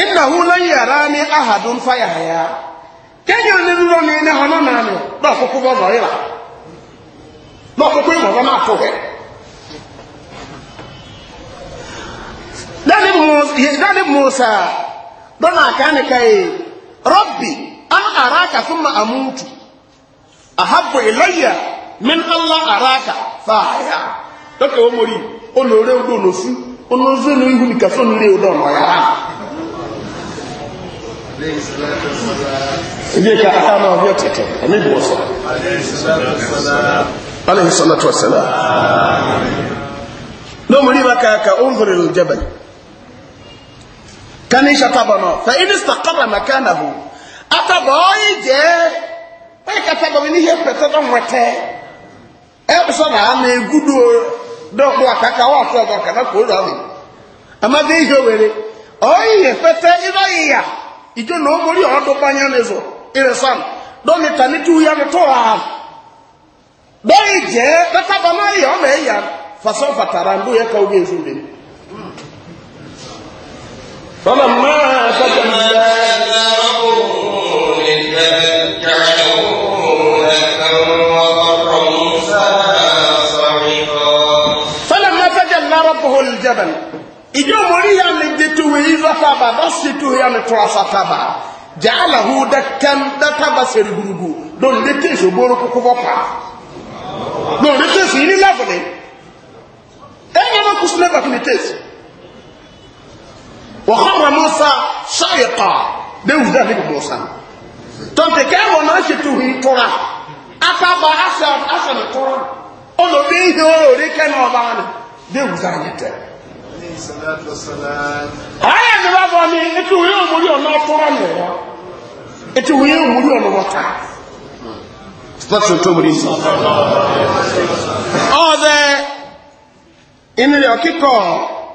innahu lan yarani ahadun kenya duro ne hono na ne do koko bo do na to he dani musa dani musa do na kai rabbi an araka thumma amutu ahabbu ilayya min allah araka ya. do ke o mori o lo re o do no su o no zo no ihu ni ka so no re o do no ya ilé ka ata alayhi salatu ka ka onzori kani ṣatabọ náà fẹ ibi sàkọrọ kata ihe ame, tó ń wẹtẹ ẹ bẹ sọ náà na egudo dọkọ akaka ijo na omori odo banya nezo iresan doni tani ya to ha dai je tata ba mari o me ya faso fatara ndu ya ka oge nzumbe fama ma sajalla فلما فجل ربه الجبل ìjọ mọ̀rí ya ni dẹ̀tùwé yìí lọ́fàbà bá sì tùwé ya ni tọ́lọ́fàtàbà jà á là hù dẹ́tẹ́m dẹ́tàbà sẹ̀rì gbùrùgbù lónìí ní tí ìṣògbó orúkúkú bọ́ pa lónìí ní tí ìṣògbó yìí ní lábùlé ẹ̀yìn náà kù sílẹ̀ bàtí ní tẹ̀sí. wọ́n kọ́ ọ̀rọ̀ musa ṣáyẹ̀ pa déwù dẹ́ níbi musa tọ́ntẹ̀ kẹ́wọ̀n náà ṣe tùwé tọ́ra afábà aṣọ ni tọ́ra ọ̀nà bí ihe ọ̀rọ̀ orí kẹ́ ayé mi bá bọ̀ ni etí wòye òmùrí ọ̀nà ọ̀tọ́rọ̀ nìyẹn etí wòye òmùrí ọ̀nà wọ̀ta. Sipasi o tóbi nìyí. Ọ̀dẹ ìnìyà kíkọ̀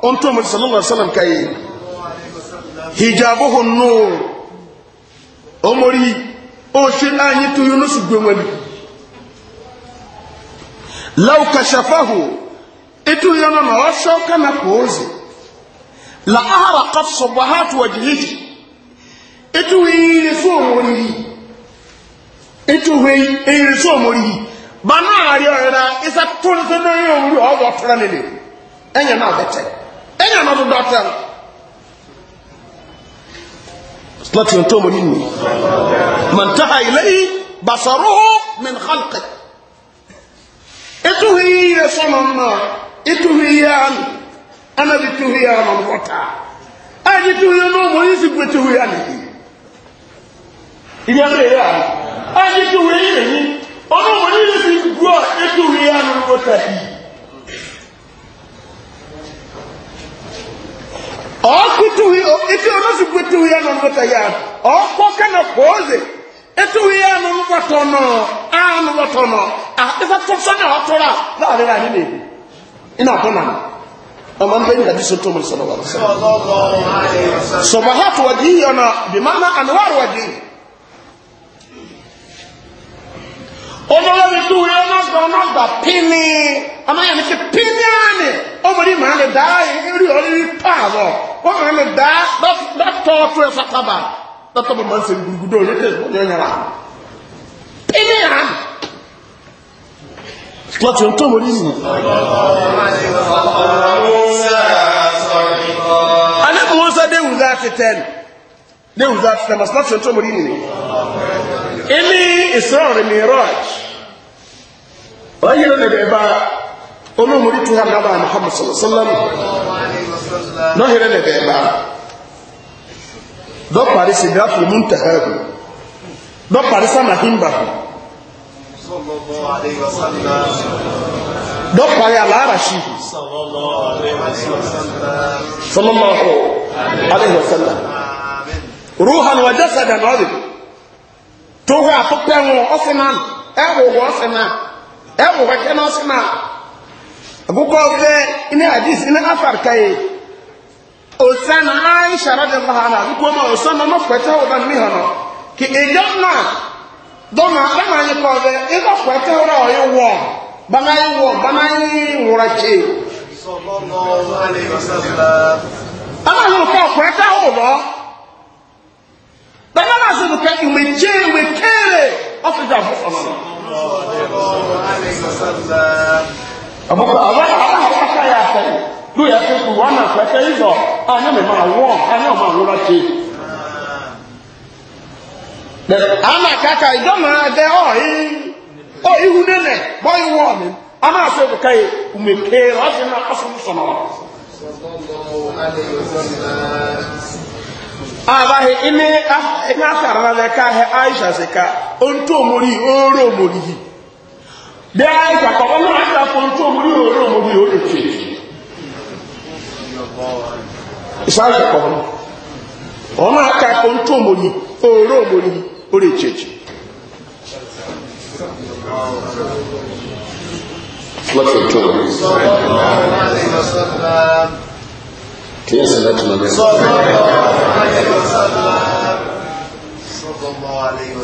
ohun tó mọ̀ sọ̀lọ́lá káyé. Hijabu hùn Omori اتلنا نرشو كنا كوزي لا أرى قف صبحات وجهي اتوين صوموري اتوين صوموري بنا يرى إذا تلتنا يوم يوم يوم يوم يوم يوم يوم يوم يوم يوم صلاتي أنتو مريني من تهى إليه بصره من خلقه إتوهي رسول الله ituhuyan ana bi tuhuyan on wata ayi tuhuyan no mo yisi gbe tuhuyan ni inya re ya ayi tuhuyan ni ono mo ni yisi gbo ituhuyan on wata yi ọkụ tuhi eti onosi gbe tuhi ya nọ nwata ah, ya ọkụ kana kwoze etuhi ya nọ nwata nọ a nọ nwata nọ a ịfa tụtụ na ọtụrụ a na-adịghị anyị ebi ina kona amma an bayin hadisi to mun sallallahu alaihi wasallam sabahat wajhi yana bi ma'na anwar wajhi ono la tu yana gona da pini ama yana ke pini ani o mari ma le da e ri o ri pa bo o ma le da da to to e fataba da to ma se gugudo le te o nyara pini ani láti ohun tó mọ̀ nínú anẹ́bù wọ́n sá déhùn dá ti tẹ́n déhùn dá ti tẹ́n masu láti ohun tó mọ̀ nínú ilé ìsọ́rọ̀ mi rọ́j ọ̀yẹ́ lọ́nà bẹ̀ẹ̀ bá olóòmùrí tó hàn náà muhammad sallallahu lọ́hìrẹ́ lọ́nà bẹ̀ẹ̀ bá dọ́pàrí sí gáfù múntàhẹ́gù dọ́pàrí sámà hìmbàhù dọ́pàá yà láàràṣì sallallahu alaihi wasallam ruhan wa jasadan ọdị tó hụ akpụkpọ ẹnwụ ọsịna ẹwụgwọ ọsịna ẹwụgwọ kẹna ọsịna akwụkwọ ọfẹ ina hadis ina afar kaye osana aisha radiyallahu anha akwụkwọ ma osana mọfẹta ụda mmiri hàn kì dɔnna dama yi kɔ dɛ i ka kɔtɛ wɛrɛ o ye wɔ bana ye wɔ bana ye wɔrɔ tse. ala y'o kɛ kɔtɛ o lɔ bɛɛ b'a sɔrɔ kɛ ìwé tse ìwé kéere ɔfi da fɔ fɔlɔ la. a bɔ a bɔ a bɔ a ka y'a fɛ n'u y'a fɛ k'u wa na kɔtɛ yi lɔ a ne ma wɔn a ne ma wɔrɔ tse. ama kaka idoma de oyi oyi hunene boy woman ama so ko kai umeke raje na asum sono aba he ime ime na ka he aisha se ka onto omori oro omori bi aisha ko aisha o ti isa ore ichechi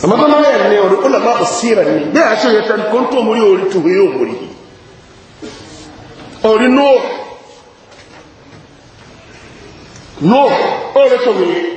amadu náà yẹn ní ọdún ọlọ́mọ àbọ̀síra ni bẹ́ẹ̀ aṣọ yẹn tán kó ń tó mórí orí tuhu yóò mórí orí nóò nóò ó rẹ̀ tó mórí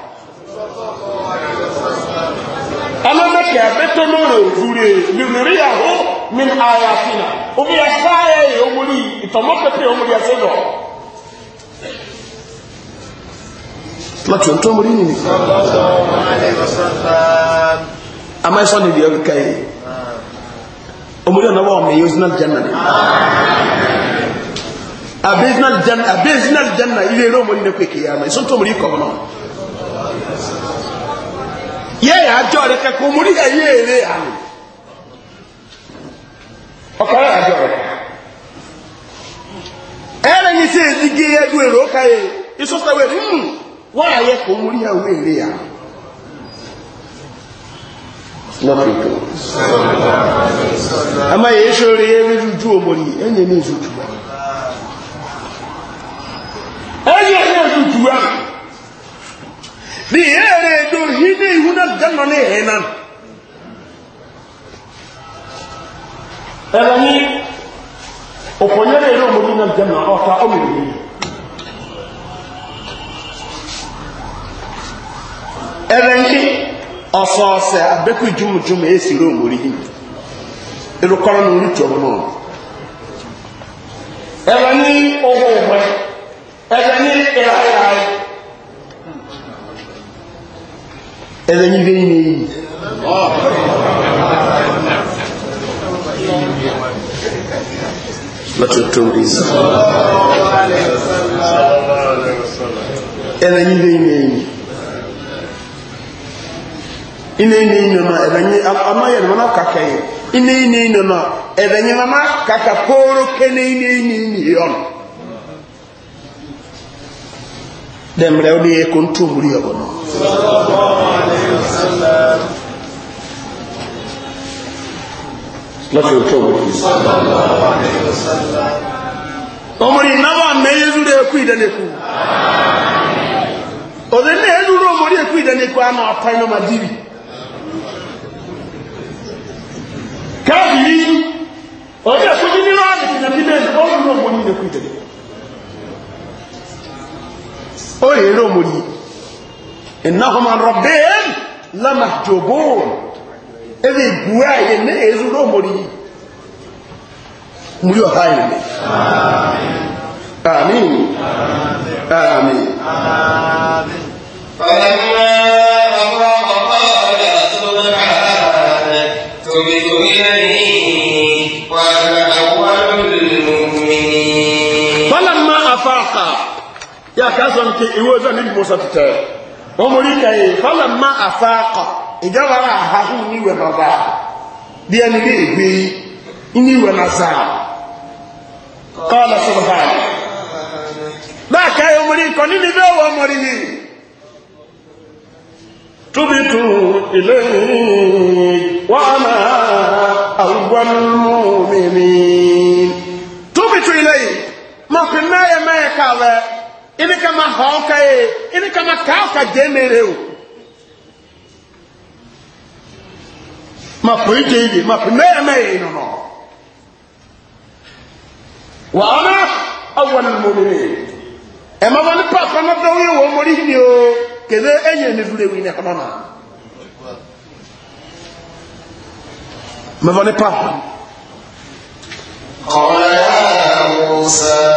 ọlọ́mọkẹ́ abẹ́tọ́ lóòrè lùmírí àhó mi ní àyà fìlà omi ẹ̀fá ẹ̀yẹ omori ìtọ́mọ́pẹ́pẹ́ omori ẹ̀sẹ̀ lọ. láti ọ̀tọ́ omori nìyí. amáyísọ́ ni ìdí ọ̀rẹ́ káyé omori ọ̀nà wà ọmọ yìí original journal. abẹ́sínal journal ilé eré omori ní pèkè yàrá ìsọ́tọ̀ omori kọ̀ yẹ́yà àjọ rẹ̀ kẹ́kọ̀ọ́ mórí ẹ̀yẹ́ èrè àmì ọkọ̀rẹ́ àjọ rẹ̀ ẹ̀rẹ́ ní sí èdígé ẹgbù èrò káyé ìsọ́sẹ̀wé mú wọ́n àyẹ́ kò mórí ẹ̀wọ̀ èrè àmì lọ́pìtò a máa yẹ ṣọ́rẹ́ ẹ̀rẹ́ rújú omori ẹ̀yẹ́ ní ìrújú ẹ̀yẹ́ ní ìrújú ẹ̀yẹ́ ni yere do hide na janna ne henan elani oponyere ero mudi na janna ota omiri elani ọsọọsẹ abeku jumujum esi ro mori yi erukọrọ na orutu ọmọ náà ẹlani ọwọ ọgbẹ ẹlani ẹlani ẹlani ẹ̀rẹ̀ yìí ní èyí lọ́tọ̀tọ̀ ìsìn ẹ̀rẹ̀ yìí ní èyí ina ina ina na ɛbɛnye ama yɛ nama kaka yi ina ina ina na ɛbɛnye nama kaka kooro kɛ na ina ina ina yɛ ɔno. dɛmrɛ wo de yɛ ko n tó muri yɛ bɔ nɔ. lọ́sọ̀ tó wù mí. ọmọ yìí náwó àmì yézu de kú ìdánikù. òde ní yézu ní ọmọ yìí kú ìdánikù àmà ọ̀pá iná ma dìbì. káàbì yìí ọjọ́ ìfúnjì nínú àdìsí nàbí bẹ́ẹ̀ ni ó ń lọ ọmọ yìí de kú ìdánikù ó yẹ ló mú yí ìnáhùn máa rọ bẹ́ẹ̀ lámà jòbó ẹbí ìgbúwẹ́ àyè ní èzú ló mú yí mú yọ ha ìlú àmì àmì àmì àmì ya ka nke iwe ọzọ ní ìgbòsọ tìtẹ wọn mú fọlọ mma àfáàkọ ìjọba rà àhàhù ní ìwẹ bàbá bí ẹni bí ègbé ní ìwẹ nàṣà kọlọ sọlọ ọ bá kẹyìn wọn mú rí kọ nínú ilé ini kama hɔɔka ye ini kama kaaka jɛnere o ma poyi jɛ yi ma poyi mɛyɛ mɛyɛ wa ana awa ni mɔmiri ɛ ma ba ni papa na dɔw ye wo mori ni o kele e ne dule wi ne kɔnɔ na ma ba papa. قال يا موسى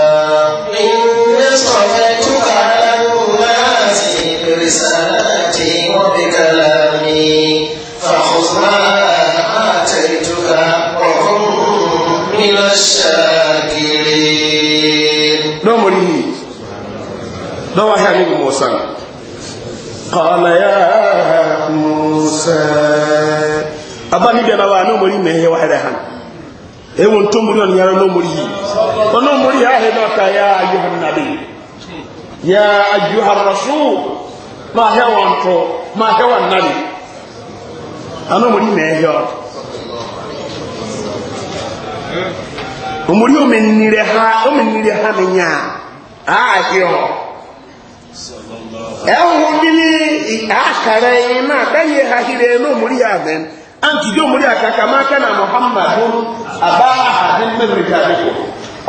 إن اصطفيتك على الناس برسالتي وبكلامي فخذ ما آتيتك وكن من الشاكرين نومري نوى يعني موسى قال يا موسى أبا نبي أنا وأنا مريم هي واحدة هنا ewu ntó múri wọn yàrá ló múri yìí ọ̀nà múri yà áhìn náà ká yà ayéhu nàbí yà ayéhu arasú máa hẹ́ wọn tó máa hẹ́ wọn nàbí ọ̀nà múri nà ẹ̀hẹ́ ọ. Omuri omi nnire ha omi nnire ha mi nya ahịa ọ. Ẹ̀hùn gịnị akara ẹ̀ náà bẹ́ẹ̀ ha hiri ẹ̀ náà omuri anti di omori akaka maka na muhammadun aba ahadin min rijalikum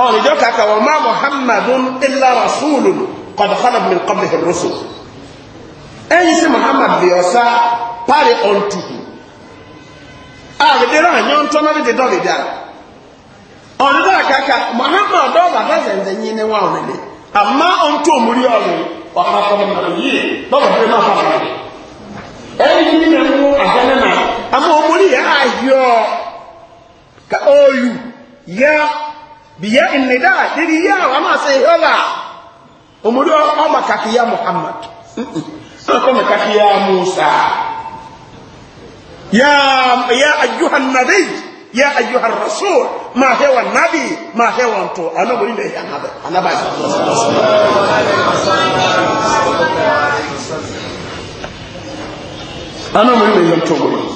ọ̀rọ̀ ìjọ kàkà wọ́n máa muhammadun illa rasulun kọ̀dọ̀kọ́nà min qablihi rusul ẹ̀yìn sí muhammad bí ọ̀sá pari ọ̀ntù àrùdé a. àyàn ń tọ́nà ni omori أي يا كأولو يا بيا النداء دي يا وما سيهلا أمرو أما كاكي يا محمد أما كاكي يا موسى يا يا أيها النبي يا أيها الرسول ما هو النبي ما هو أنتو أنا بقول لك أنا أنا بعد أنا بقول لك أنتو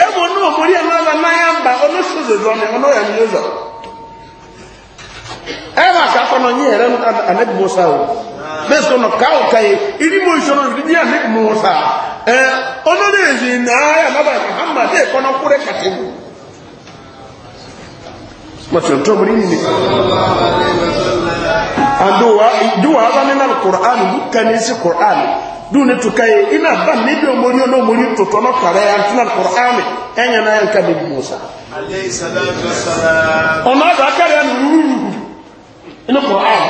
ẹ̀wọ̀n náà mo rí ẹ̀mọ́ ọ̀la náà ń bá oníṣòwò lọ́nà ẹ̀wọ̀n náà yà mí lọ́zọ̀ ẹ̀wọ̀n àkàkọ́nà yín ẹ̀rẹ́ mu anabi musa o bẹ́ẹ̀ sọ̀nà káwọ̀ káyé ìdí ìdí ẹ̀ èzì náà yà dune tukaye ina ban ne bi omori ono omori toto no kare ya tuna alquran enya na e yanka bi musa alayhi salatu wassalam ona ba kare no ruru ina qur'an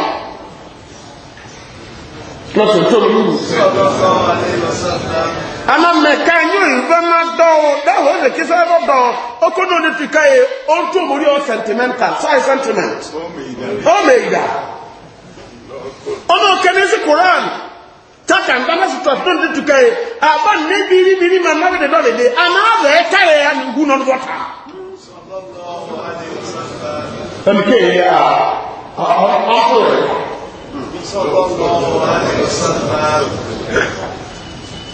na so to ruru sallallahu alayhi wasallam ana me kanyu ba ma do da ho le kisa ba do okono ne tukaye on to omori on sentimental sai sentiment o meida ono kenesi qur'an saka ndana sitwa tonde tukaye aba ne biri biri mama bide dole de anaza ekare ya ngu non vota tamke ya afo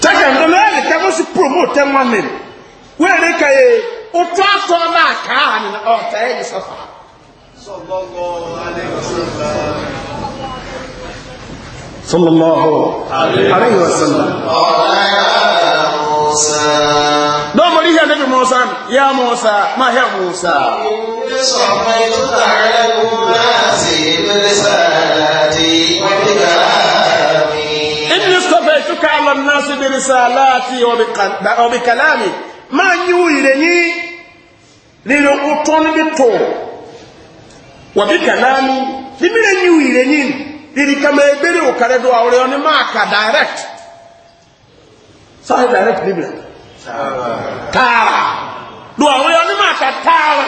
saka ndana ele kabo si promote mwamen wele kaye otu atọ na aka ha na ọta eji safa sallallahu alaihi wasallam صلى الله عليه وسلم دوم لي النبي موسى يا موسى ما هي موسى صفيتك على الناس برسالاتي وبكلامي إني صفيتك على الناس برسالاتي وبكلامي ما يوي لي لنقطن بالطول وبكلامي لمن يوي لي iri kama ebere ukare do awore oni maka direct sai direct ni bila tara do awore oni maka tara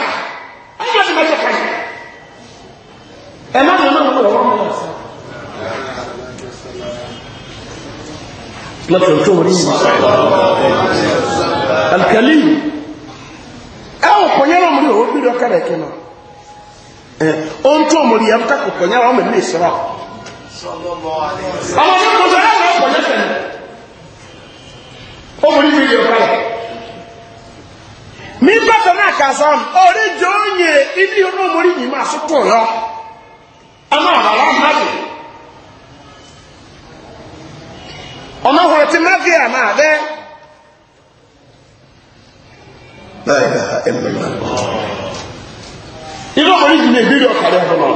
ayo ni maka kan e ma ni ma ko ro mo لكن توري الكليم او كنيرو مري هو بيدو كده كده اون تو مري ام تاكو كنيرو ام ني سرا ọmọ ní kò sọ́lá ọ̀rọ̀ ọ̀pọ̀ lẹ́sẹ̀ ni ó mú ní fídíò kọ́lẹ̀ mi bàtà náà kà sọ́n orí jọ yẹ ibi ọmọ mórí yìí máa sọ́tọ̀ lọ ọmọ àbàlá mmadù ọmọ hùrù tí má fi àmà bẹ́ ìlú ọmọ yìí ní ìbírí ọ̀kadà ọ̀dọ̀ náà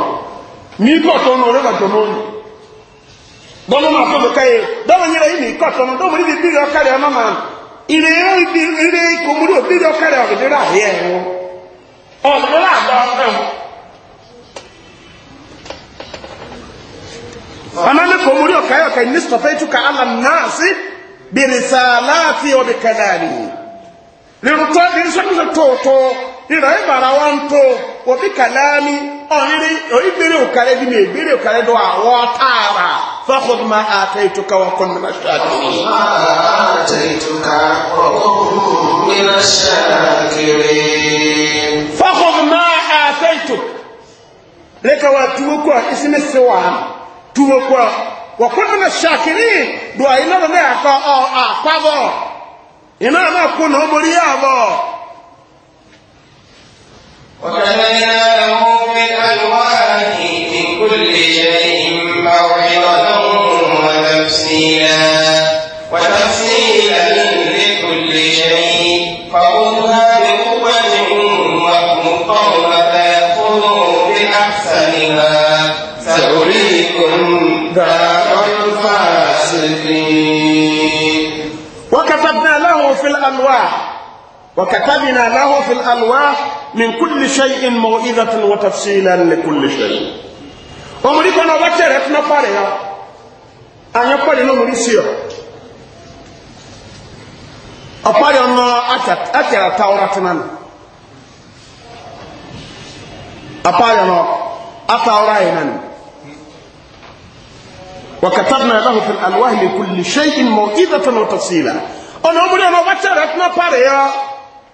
ní kọ̀ọ̀tọ̀ ọ̀nà ọ̀rẹ́gbàjọ̀ náà bọ́mọ́ máa fọ́ bẹ̀ka yẹ dọ́mọ nyere yìí ní ikọ̀ tọ́nu dọ́mọ níbi bírí ọ̀kadì ọ̀nà máa ìrè ibi ìrè ìkòmúrò bírí ọ̀kadì ọ̀gẹ̀dẹ̀rẹ̀ àyẹ̀ ẹ̀wọ̀ ọ̀gẹ̀dẹ̀rẹ̀ àgbà ẹ̀wọ̀. ọ̀nàlẹ́ kòmúrò kayọ̀ kẹ́ ní sọ̀fẹ́tù ká àlà náà sí bèrè sàlá àti ọ̀bẹ̀kẹ̀lẹ̀ rẹ̀ lè rútọ́ rírọ̀ ìbàrà wọn tó òbí kàlámi ọ̀rírí oríbèrè òkàrẹ bí mi èbèrè òkàrẹ dọ àwọ̀ tààrà fọ́kùnmá àtẹ aka wọn kọ́ wa tuwókọ̀ ìsinmi wà tuwókọ̀ wọ́n kọ́ nínú ṣáàkiri dùn àyínlọ́dọ̀ náà àkọ́ ọ̀ àpábọ̀ ìnáwó náà kú náà ya yà وكفينا له بالألوان من كل شيء موعظة وتفصيلا وتفصيلا لكل شيء فخذها بقوة واحكم قومك يأخذوا بأحسنها سأريكم دار الفاسقين وكتبنا له في الألواح وكتبنا له في الألواح من كل شيء موئذة وتفصيلا لكل شيء ومريكو نبكر اتنا فارها أن يقول إنه مريسيو أقول أنه أتت أتر تورتنا أقول أنه أتورينا وكتبنا له في الألواح لكل شيء موئذة وتفصيلا أنا أقول أنه أتر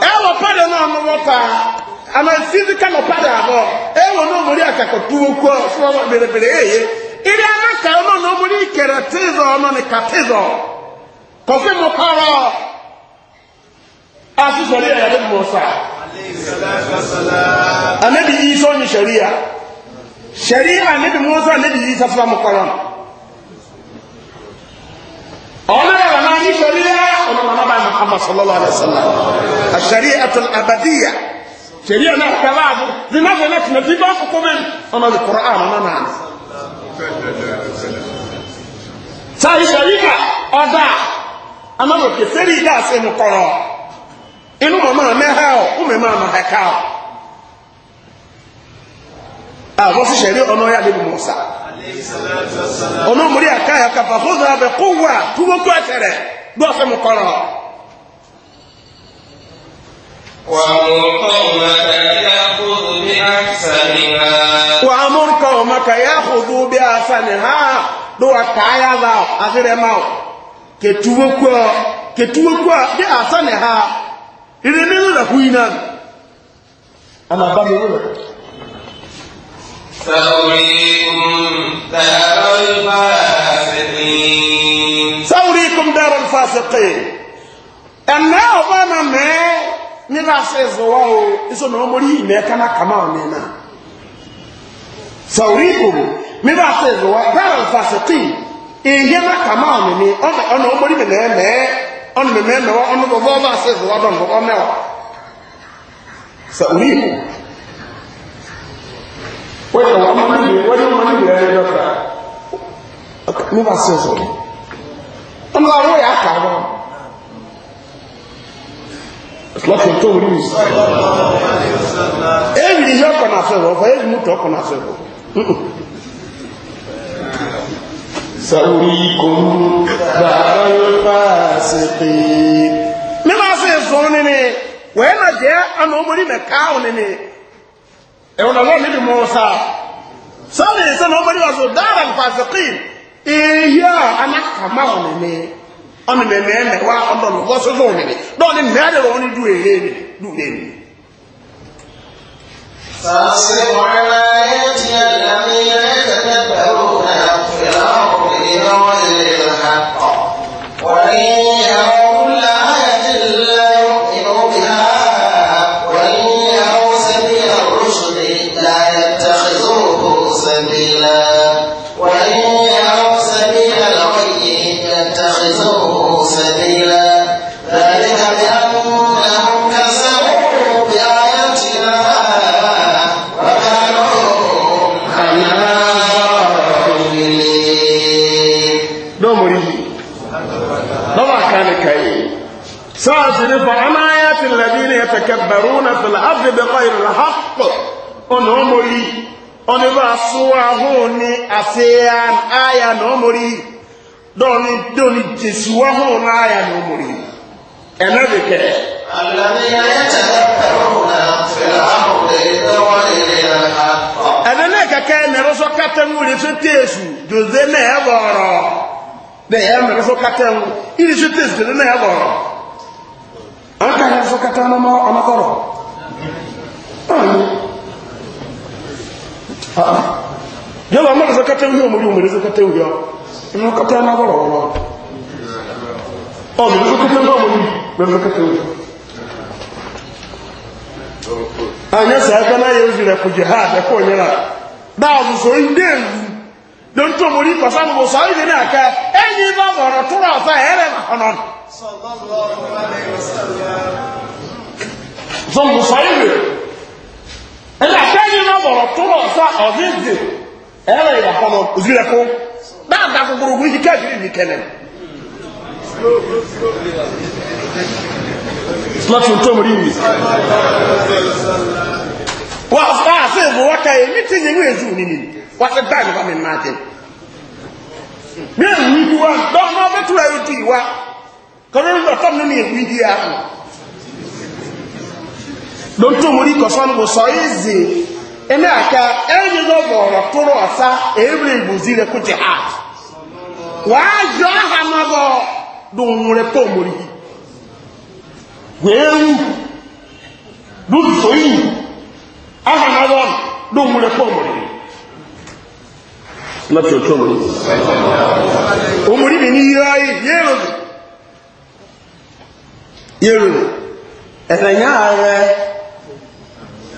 ẹ wọ padà náà mo wọ pa àmà físíkà lọ padà bọ ẹ wọ náà mo rí àkàkọ dúró kú ọ fún ọmọ bèrèbèrè èyí ilé anáka ọmọ náà mo rí ìkẹrẹ tíìzọ ọmọ mi kà tíìzọ kọfí mo kọrọ asísọ ní ẹyà lẹbi mọ sá anabi yìí sọ ní sẹríya sẹríya anabi mọ sá anabi yìí sá fúlàmù kọrọ. أولا لما هي شريعة أولا لما بعد محمد صلى الله عليه وسلم الشريعة الأبدية شريعة نحكباب لماذا نحن في باقكم أنا القرآن أنا نعم تاهي شريعة أدا أما بك شريعة سنقرأ إنو ماما مهاو أمي ماما هكاو أبوسي شريعة أنا يا لبي موسى olómùrí àkáyà kàfà fóònù abẹ kó wà kú gbogbo ẹsẹrẹ bí ọsẹ mu kọrọ. wà á mú kọ́ ọmọ kàyà kúrú ha. wà á mú ha ló wà bá kẹtùwó kẹtùwó سأريكم دار الفاسقين ẹ̀mẹ́ ọba na mẹ́ẹ́ nílá ṣe ìṣòwò o iṣẹ́ na ọmọ rí ìmẹ́ kaná kàmá ọ̀nẹ́ náà sọ̀ríkùn nílá ṣe ìṣòwò dára ìfàṣẹ̀tì na kàmá ọ̀nẹ́ ni ọ̀nà ọmọ rí mẹ́ẹ́ mẹ́ẹ́ ọ̀nà ọ mẹ́wọ́ ọ̀nà bọ̀bọ̀ ọba wọ́n yẹ wọ́n mọ́ni bìí wọ́n yẹ wọ́n mọ́ni ẹ̀rẹ́ dọ́kítà mi bá sí ọ̀sọ̀rọ̀ ọmọ àwọn yà kà wọ́n lọ́sọ̀ tó wúlò yìí èyí yìí ọkọ̀ náà sọ̀rọ̀ ọ̀fọ̀ èyí mú tọ́ ọkọ̀ náà sọ̀rọ̀ sàwùrí kò mú bá a ṣe pé mi bá sí ìsọ̀ nínú wẹ́ẹ́ náà jẹ́ àná ọmọdé mẹ́ka ọ̀nínú ẹ̀wọ̀n náà níbi mọ́ọ̀sá sọ́ọ̀lì ìsẹ́nà ọmọdé wà so dára ìfàṣẹ́kì èyí à anákàmá ọ̀nẹ̀mẹ́ ọ̀nẹ̀mẹ́ mẹ́wàá ọ̀dọ̀lùkọ́ sọ́sọ́ òmìnir dọ́ọ̀ni mẹ́rin wọn ni du èrè mi du èrè mi. فاصبر على يدي الذين يتكبرون في الارض ardi bi ghayri alhaq ono mori oni ba suwa ho ni asean aya no mori doni doni jesuwa ho na aya no mori ena de ke alladhina yatadakkaruna fil amri ghayri alhaq ana ne ka ke ne ro so katangu de e me ro so katangu ile so tesu ne e boro yọ́wọ́ ọmọdé sọ kẹtẹ́ ìhẹ́ òmòrí òmòrí sọ kẹtẹ́ ìhẹ́ inú kẹtẹ́ alábọ̀rọ̀ ọ̀rọ̀ ọmọdé sọ kẹtẹ́ ìhẹ́ òmòrí sọ kẹtẹ́ ìhẹ́ anya sọ ẹgbẹ́ náà yẹ oṣù rẹ̀ kò jẹ́ ha àdẹ́kọ̀ ònyẹ́ra dáa ọ̀sọ̀sọ̀ ilé ìlú lóńtò òmòrí kọ̀sá ni mo sọ ìdè náà kẹ́ ẹ̀yìn bá bọ̀rọ̀ tó rà fẹ́ ẹ̀rẹ̀ ọ̀nà sọ ɛnna kɛnyi na bɔrɔ toro sa ɔzizi ɛyɛ lɛ yɛ kɔnɔ ozire ko náà da kokoro wuli kɛkiri ni kɛnɛ. silasi tó mo rí mi. wa fa ase fún wa ka ye mi ti yin wíyẹn ju ni ni wa ti da nípa mi máa jẹ. mi ò ní ju wa dɔn n'aw bɛ tura yóò di wa kɔnɔ ní dɔtɔ mi ni èwì di yà lótú mórí kọ̀sán kò sọ ézè ẹni àká ẹni lọ́bọ̀ ọ̀rọ̀ tóró ọ̀sá èébùrè ìbòzí rẹ̀ kó jẹ hàd wàá yọ àhàmàbọ̀ lóhun rẹ̀ pọ̀ mórí wééwù lóòótọ́ àhàmàbọ̀ lóhun rẹ̀ pọ̀ mórí láti ọ̀tọ́ mọ̀ ní omori mi ní yíráyé yéròdù yéròdù ẹ̀rẹ̀yà rẹ̀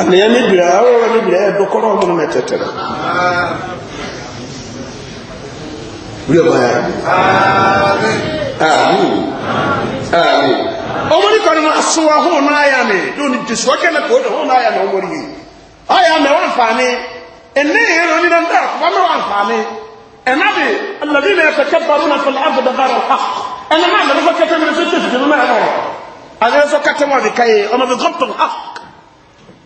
ana ya mebiri awo ya mebiri ya dokoro ọmọ na tetere wúlò bá yà ami ami ọmọ ní kọ́ni máa sún wa hó náà yà mí lóni jésù ọkẹ́ náà kò dé hó náà yà mí ọmọ yìí ọyà mí wọn fà ní ẹnẹ yẹn lóni náà ndé àkùbá mi wọn fà ní ẹnà bí alabi náà fẹ kẹbàrú náà fẹlẹ abudá bá rẹ wá ẹnà náà lọ fẹ kẹtẹ mi fẹ tẹsí mi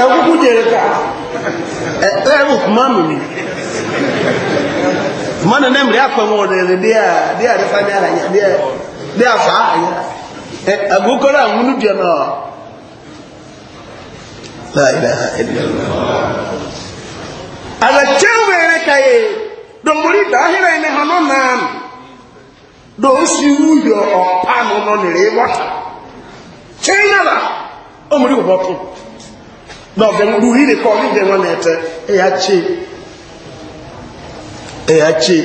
ẹ̀kúkú jẹrẹ ká ẹ̀rù kùmánù ni kùmánù náà mìíràn àpẹwọn ọ̀rẹ̀rẹ̀ dí àrífà ní àràyà dí àfà àyà àgbókọ́rọ̀ àwọn olùjẹ náà láìlá ẹ̀dẹ̀lá àlàkẹ́wẹ̀ẹ́rẹ́ káyé dọ̀mọ̀rí dáhìrẹ̀ ní hànú náà dosi wuyo ọ̀pánu nọ n'ere wọ́ta kínyàrá ọmọdé na tó lọ́ọ̀dẹ̀ ruhi lè kọ́ nígbẹ̀ wọn nẹ̀tẹ̀ ẹ̀yà tse ẹ̀yà tse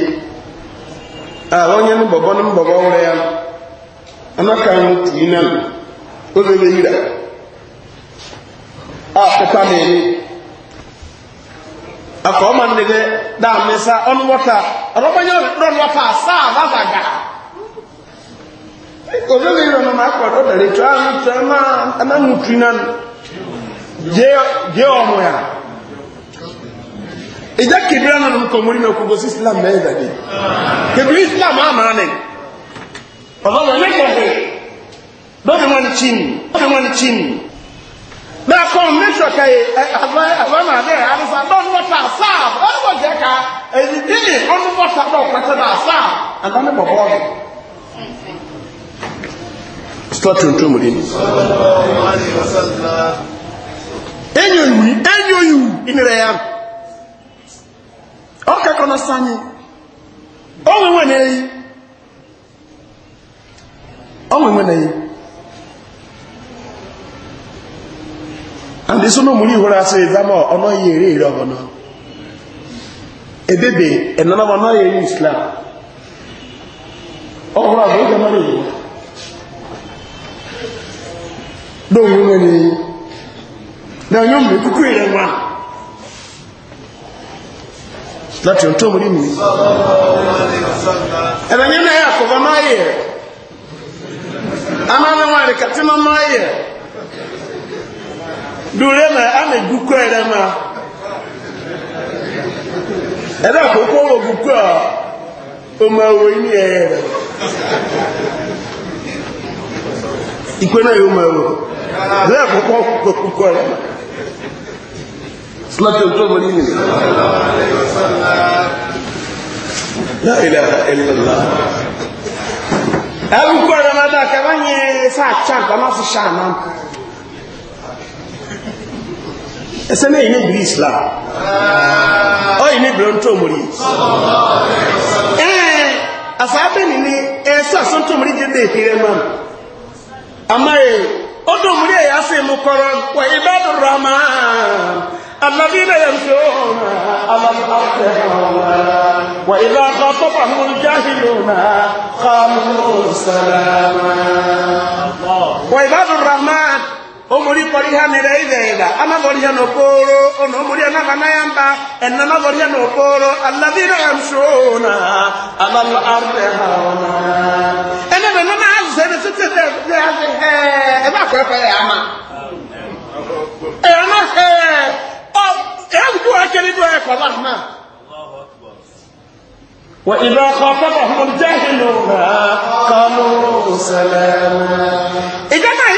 àwọn yẹn ní bọ̀bọ̀ ya anaka ń tu iná lò ó lè lè yíra a pípa nìyí akọ̀ ọmọ ọnụ nwata omi mi rọ mama akɔdɔ dari tɔ anu tɔ ɛma ɛma nu tui nanu je ɔmo ya ìjà kebira nanu kɔmori na kogbo si islam bɛyɛ dade kebiri islam ama ne ɔba wɔ ne kɔfɛ dɔbi wani chin dɔbi wani chin bẹ́ẹ̀ kọ́ mẹ́sọ̀ kẹ́yẹ àbọ̀nà àdé àdìsá dọ́nùbọ̀tà sáà dọ́nùbọ̀tà ẹ̀ka èyí dìní ọ̀nùbọ̀tà dọ̀kọ̀tà sáà àdánù bọ̀bọ̀ ọ̀dọ̀ tọ́tù tó mú nínú enyo iwu enyo iwu inere ya ọka kọna sanyi ọnwe nwene yi ọnwe nwene yi and isu n'omuri ihura asị ịdama ọnọ ihe ere ere ọbụna ebebe ẹnanabọ ọnọ ihe ere islam ọhụrụ abụọ ịdama ere dóòwò wọn ni na mú na ìrẹ̀ wọn láti ọ̀tọ́ mú nínú ẹ̀rẹ̀nyẹ́ náà yà kọ̀ọ̀bá máa yẹ amáwọn wọn rẹ̀ a lè dúkú ẹ̀rẹ̀ máa ẹ̀rẹ̀ àkókò wọ̀ dúkú ọ̀ ọmọ òwe ìpé náà yóò mọ̀ ẹ̀rọ lẹ́ẹ̀kọ́kọ́ pẹ̀kúkọ́ rẹ̀ sílọ́tẹ̀ tó mọ̀ nínú láìlà ẹ̀lọ́lá ẹ̀rùkọ́ rẹ̀ máa dáa kẹwàá yẹn sáà chant a máa fi ṣàmà ẹsẹ́ náà ìní ìbìlì islam ọ ìní ìbìlì tó mọ̀ ẹ̀ẹ́ àfáàbẹ̀ nìní ẹ̀ẹ́sọ́ àsọ́ntòmọ̀rí jẹ́ dé ìpínlẹ̀ náà amaye odumuri eyase mukoro wa ibadu rahman alladhina yamshuna ala al-ardi wa idha khatabahum al-jahiluna qalu salama wa ibadu rahman omori kɔri ha mɛrɛ ibɛ ila ama kɔri ha n'okoro ɔna omori ana kana ya mba ɛna ama kɔri ha n'okoro alabi na ya nso na ala la arɛ ha ɔna. ɛnɛ bɛ nana azɛ ɛnɛ tete tɛ tɛ azɛ hɛɛ ɛbɛ akɔ ɛfɛ yɛ ama. ɛyama hɛɛ ɔ ɛyɛ du akɛli du ayɛ kɔba ma. وإذا خاطبهم الجاهلون قالوا سلاما إذا ما هي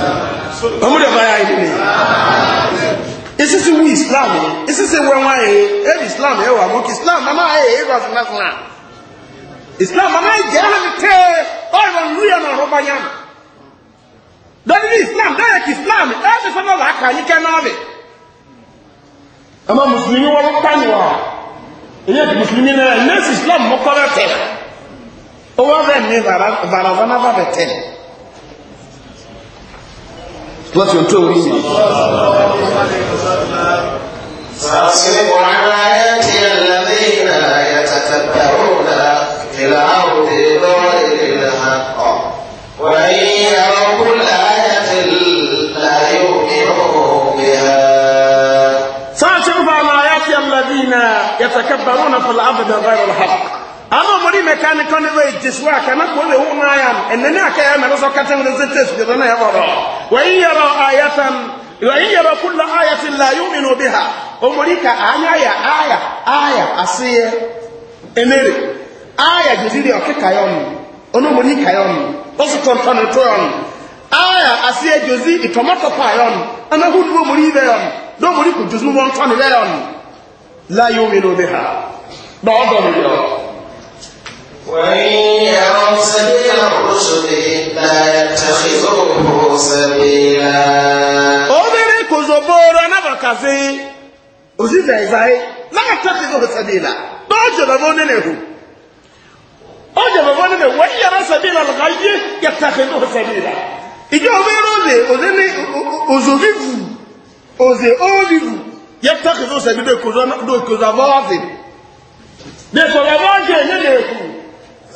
ọmọdé báyà yìí ni isisi wu islam isisi wẹwa islam ẹ wà mọkì islam mama ẹ ẹ bá fún islam mama ẹ ha ẹ hàn tẹ ọyọ nù yẹn náà rọba yẹn islam lórí ẹkì islam ẹ bí sọ náà wà á kà yín kẹ ama musulmi wọn kpa nù musulmi na musulumi islam mọkọ bẹ láti ọjọ́ orí mi. فاصبر على آياتي الذين يتكبرون في العبد غير الحق وإن يروا كل آية لا يؤمنوا بها فاصبر على آياتي الذين يتكبرون في الأرض بغير الحق ama mori mechanical ne wei jesu a kana ko le hun aya no enne ne aka ya mero so kata ne ze test je na ya boro wa in yara ayatan wa in yara kullu ayatin la yu'minu biha o mori ka anya ya aya aya asiye enere aya jidiri okeka yo no ono mori ka yo no o so tonton to yo no aya asiye jozi itomato pa yo no ana hu no mori be yo no وإن يروا سبيل الرشد لا يتخذوه سبيلا أمري كزبور نبكسي أزيد إزاي لا يتخذوه سبيلا دوجة بوني نهو ọjọ́ bàbá nínú wọ́n yẹra sẹ́bílà lọ́gáyé yẹtàkínú sẹ́bílà ìjọ obìnrin òde òde ní òzòvìvù òzè òvìvù yẹtàkínú sẹ́bílà kòzò àbọ̀wáfẹ́ ní kòzò àbọ̀wáfẹ́ ní kòzò àbọ̀wáfẹ́ ní kòzò àbọ̀wáfẹ́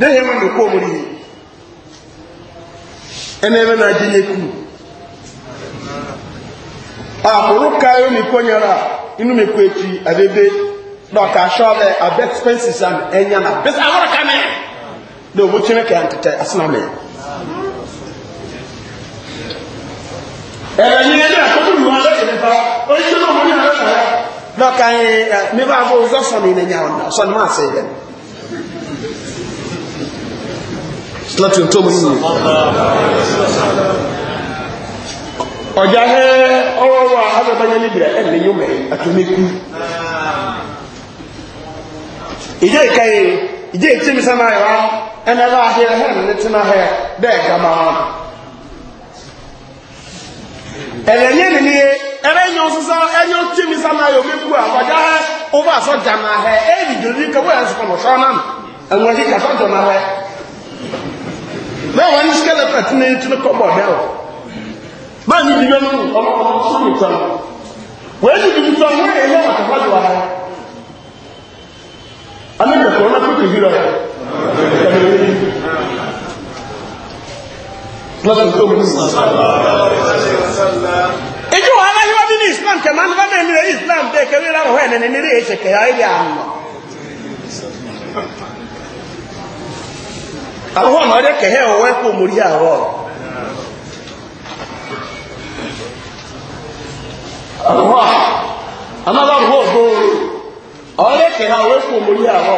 dẹ́yìn wọn lè kó omi rí ẹni ẹni náà jẹ́yẹ kú àkùrú káyọ̀ mi kó etí àbẹ́bẹ́ dọ́ka aṣọ ka abẹ́ expenses and ẹ̀yàn náà bẹ́sẹ̀ àwọn ọ̀ka mẹ́ ní òun tí wọ́n kẹ́ àǹtẹ̀tẹ̀ asínà mẹ́. ẹ̀rọ yìí ẹni ní sílẹ̀tì tó mú yìí ọjà hẹ́ ọwọ́ wa agbẹ́bẹ́yẹ níbìrẹ̀ ẹ̀lẹ́ yóò mẹ́ àtúnmẹ́kú ìjẹ́ ìkẹyẹ ìjẹ́ ìtíbi sánà ìwá ẹni ẹlá ahẹ́ ẹ̀hẹ́n ní tí náà hẹ́ bẹ́ẹ̀ gama ẹ̀lẹ́ yẹ́ nìní ẹ̀rẹ́ yọ sísá ẹ̀yọ́ tíbi sánà ìwọ́mẹ́kú àwọ̀já hẹ́ ó bá sọ́jà náà hẹ́ ẹ̀rì jòdì kẹwọ́ ẹ̀ bẹ́ẹ̀ wọ́n ní skeleton ní tún kọ́bọ̀ dẹ́wọ̀ bẹ́ẹ̀ ní ìdíjọ́ nínú ọlọ́run sún mi tán wọ́n ní ìdíjọ́ tán wọ́n yẹ yẹ wàtí wájú wa rẹ̀ alẹ́gbẹ̀kọ́ ọ̀nà tó kìí rọ̀ ìjọ wa aláyíwá bí ní islam kẹmà ní bá bẹ́ẹ̀ ní islam bẹ́ẹ̀ kẹrẹ́ rárọ̀ ẹ̀ nẹ́ni ní rí èṣẹ̀kẹ̀ àwọn ọmọ ọdẹ kẹhẹ ọwọ ẹkọ mórí àwọ ọwọ amábàbọ ògbó ọdẹ kẹhẹ ọwọ ẹkọ mórí àwọ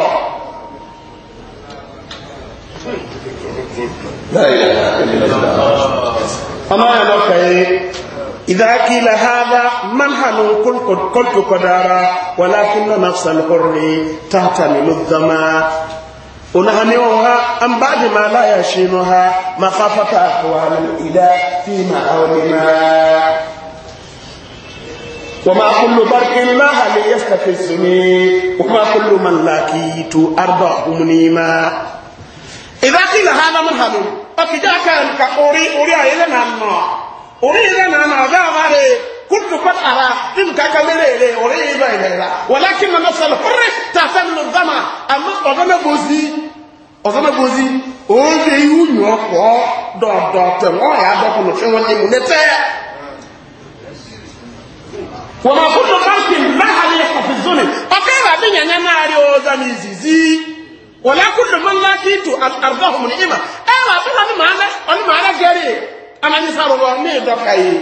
ọmọ ẹ̀rọ kẹhẹ إذا قيل هذا منهن قلت قدارا ولكن نفس الحر تحتمل الذمى ونهنيوها عن بعد ما لا يشينها مخافة أقوام الإله في معونها وما كل برق الله ليستفزني وما كل من لاكيت أرضى منيما. إذا قيل هذا من هذا فكذا كان كأوري أري إذا نعم أري إذا نعم هذا كل قد أرى إن كاكا مليلي وريه بيليلا ولكن نفس الحر تفهم الظما أما أظن بوزي أظن بوزي أولي يونيوكو دور دور تنوى يا دور نشوى نمونتي وما كل خلق لها ليق في الظلم أكيد أبين يناري أوزامي زيزي ولا كل من لاقيت أرضهم نعمة أنا أصلا أنا معنا أنا معنا جري أنا نسأل الله مين دكاي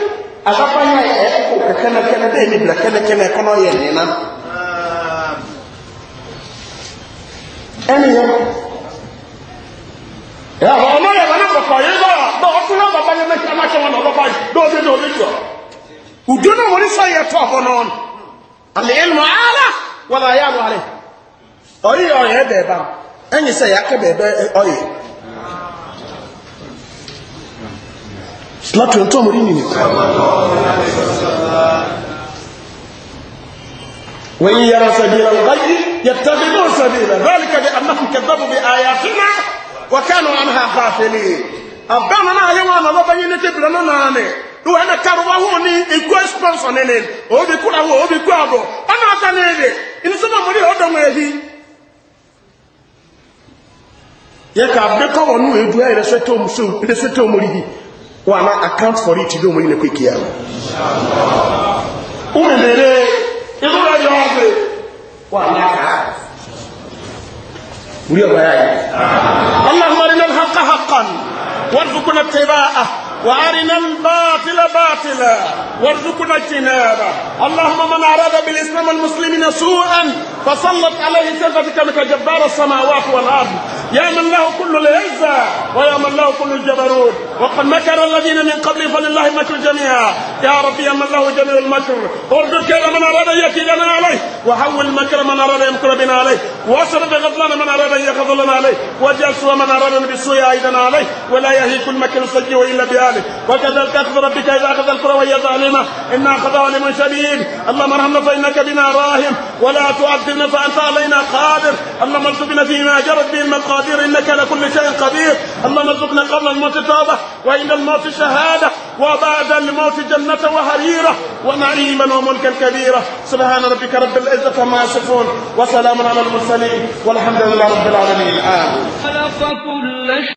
azafanya ɛkoko kɛkɛnɛkɛnɛ dɛ ɛni bila kɛnɛkɛnɛ kɔnɔ yɛ nina ɛni yɛ ɛyà wọn ɔmɔ yɛ lana kɔkɔ yɛ bá dɔ ɔtún náà bàbá yɛ mɛtí ɛmá kɛwọn náà bàbá yɛ dɔw bɛ dɔw bɛ jɔ udu náà wòle sɔ yɛ tó ɔbɔ nɔn ale yɛ nù ala wala yɛ alɔ ale ɔyɛ ɔyɛ bɛɛ ba ɛnyɛ sɛ yɛ akɛ bɛɛ bɛ ɔyɛ. sílátù ẹ̀ ń tọ́mù rí nìyí. wọ́n yí yára sẹ́bi rẹ̀ wọ́n báyìí yẹtàbí náà sẹ́bi rẹ̀ báyìí kàdé anáhùn kẹbàbù bí àyàtúmá wọ́kànù àmà àfàfẹ́lì. àbámu náà yẹ wọn àmà bàbá yín ní tẹ̀bìrì náà náà ni wọ́n yẹn kárò wá wọ́n ní ikú ẹ̀sìpọ̀nsọ̀ nínú òbí kúrò àwọn òbí kú àbọ̀ ọ̀nà ọ̀tá ní èdè ìnísọ́nà mọ̀ ní ọ̀dọ̀ wọn èyí. yẹ ká abẹ́kọ̀ wọn nù edu ẹ̀ rẹ̀ sẹ́tọ̀ ọmọ wa na account for it do muri ne ku kiyama umebere ibura yombe wa na ka uriyo bayaye allahumma arina alhaqa haqqan warzuqna ittiba'ah وارنا الباطل باطلا وارزقنا اجتنابه اللهم من اراد بالاسلام والمسلمين سوءا فسلط عليه سلطتك بك جبار السماوات والارض يا من له كل العزه ويا من له كل الجبروت وقد مكر الذين من قبل فلله المكر جميعا يا رب يا من له جميع المكر اردد كيد من اراد ان يكيدنا عليه وحول مكر من اراد ان يمكر بنا عليه واسر غضلنا من اراد ان يغضلنا عليه واجعل من اراد بالسوء ايضا عليه ولا يهيك المكر السيء الا بها ذلك وكذلك اخذ ربك اذا اخذ القرى وهي ظالمه ان اخذها لمن شديد اللهم ارحمنا فانك بنا راهم ولا تعذبنا فانت علينا قادر اللهم ارزقنا فيما جرت به المقادير انك على كل شيء قدير اللهم ارزقنا قبل الموت توبه وان الموت شهاده وبعد الموت جنه وهريره ونعيما وملكا كبيرا سبحان ربك رب العزه عما يصفون وسلام على المرسلين والحمد لله رب العالمين امين خلق كل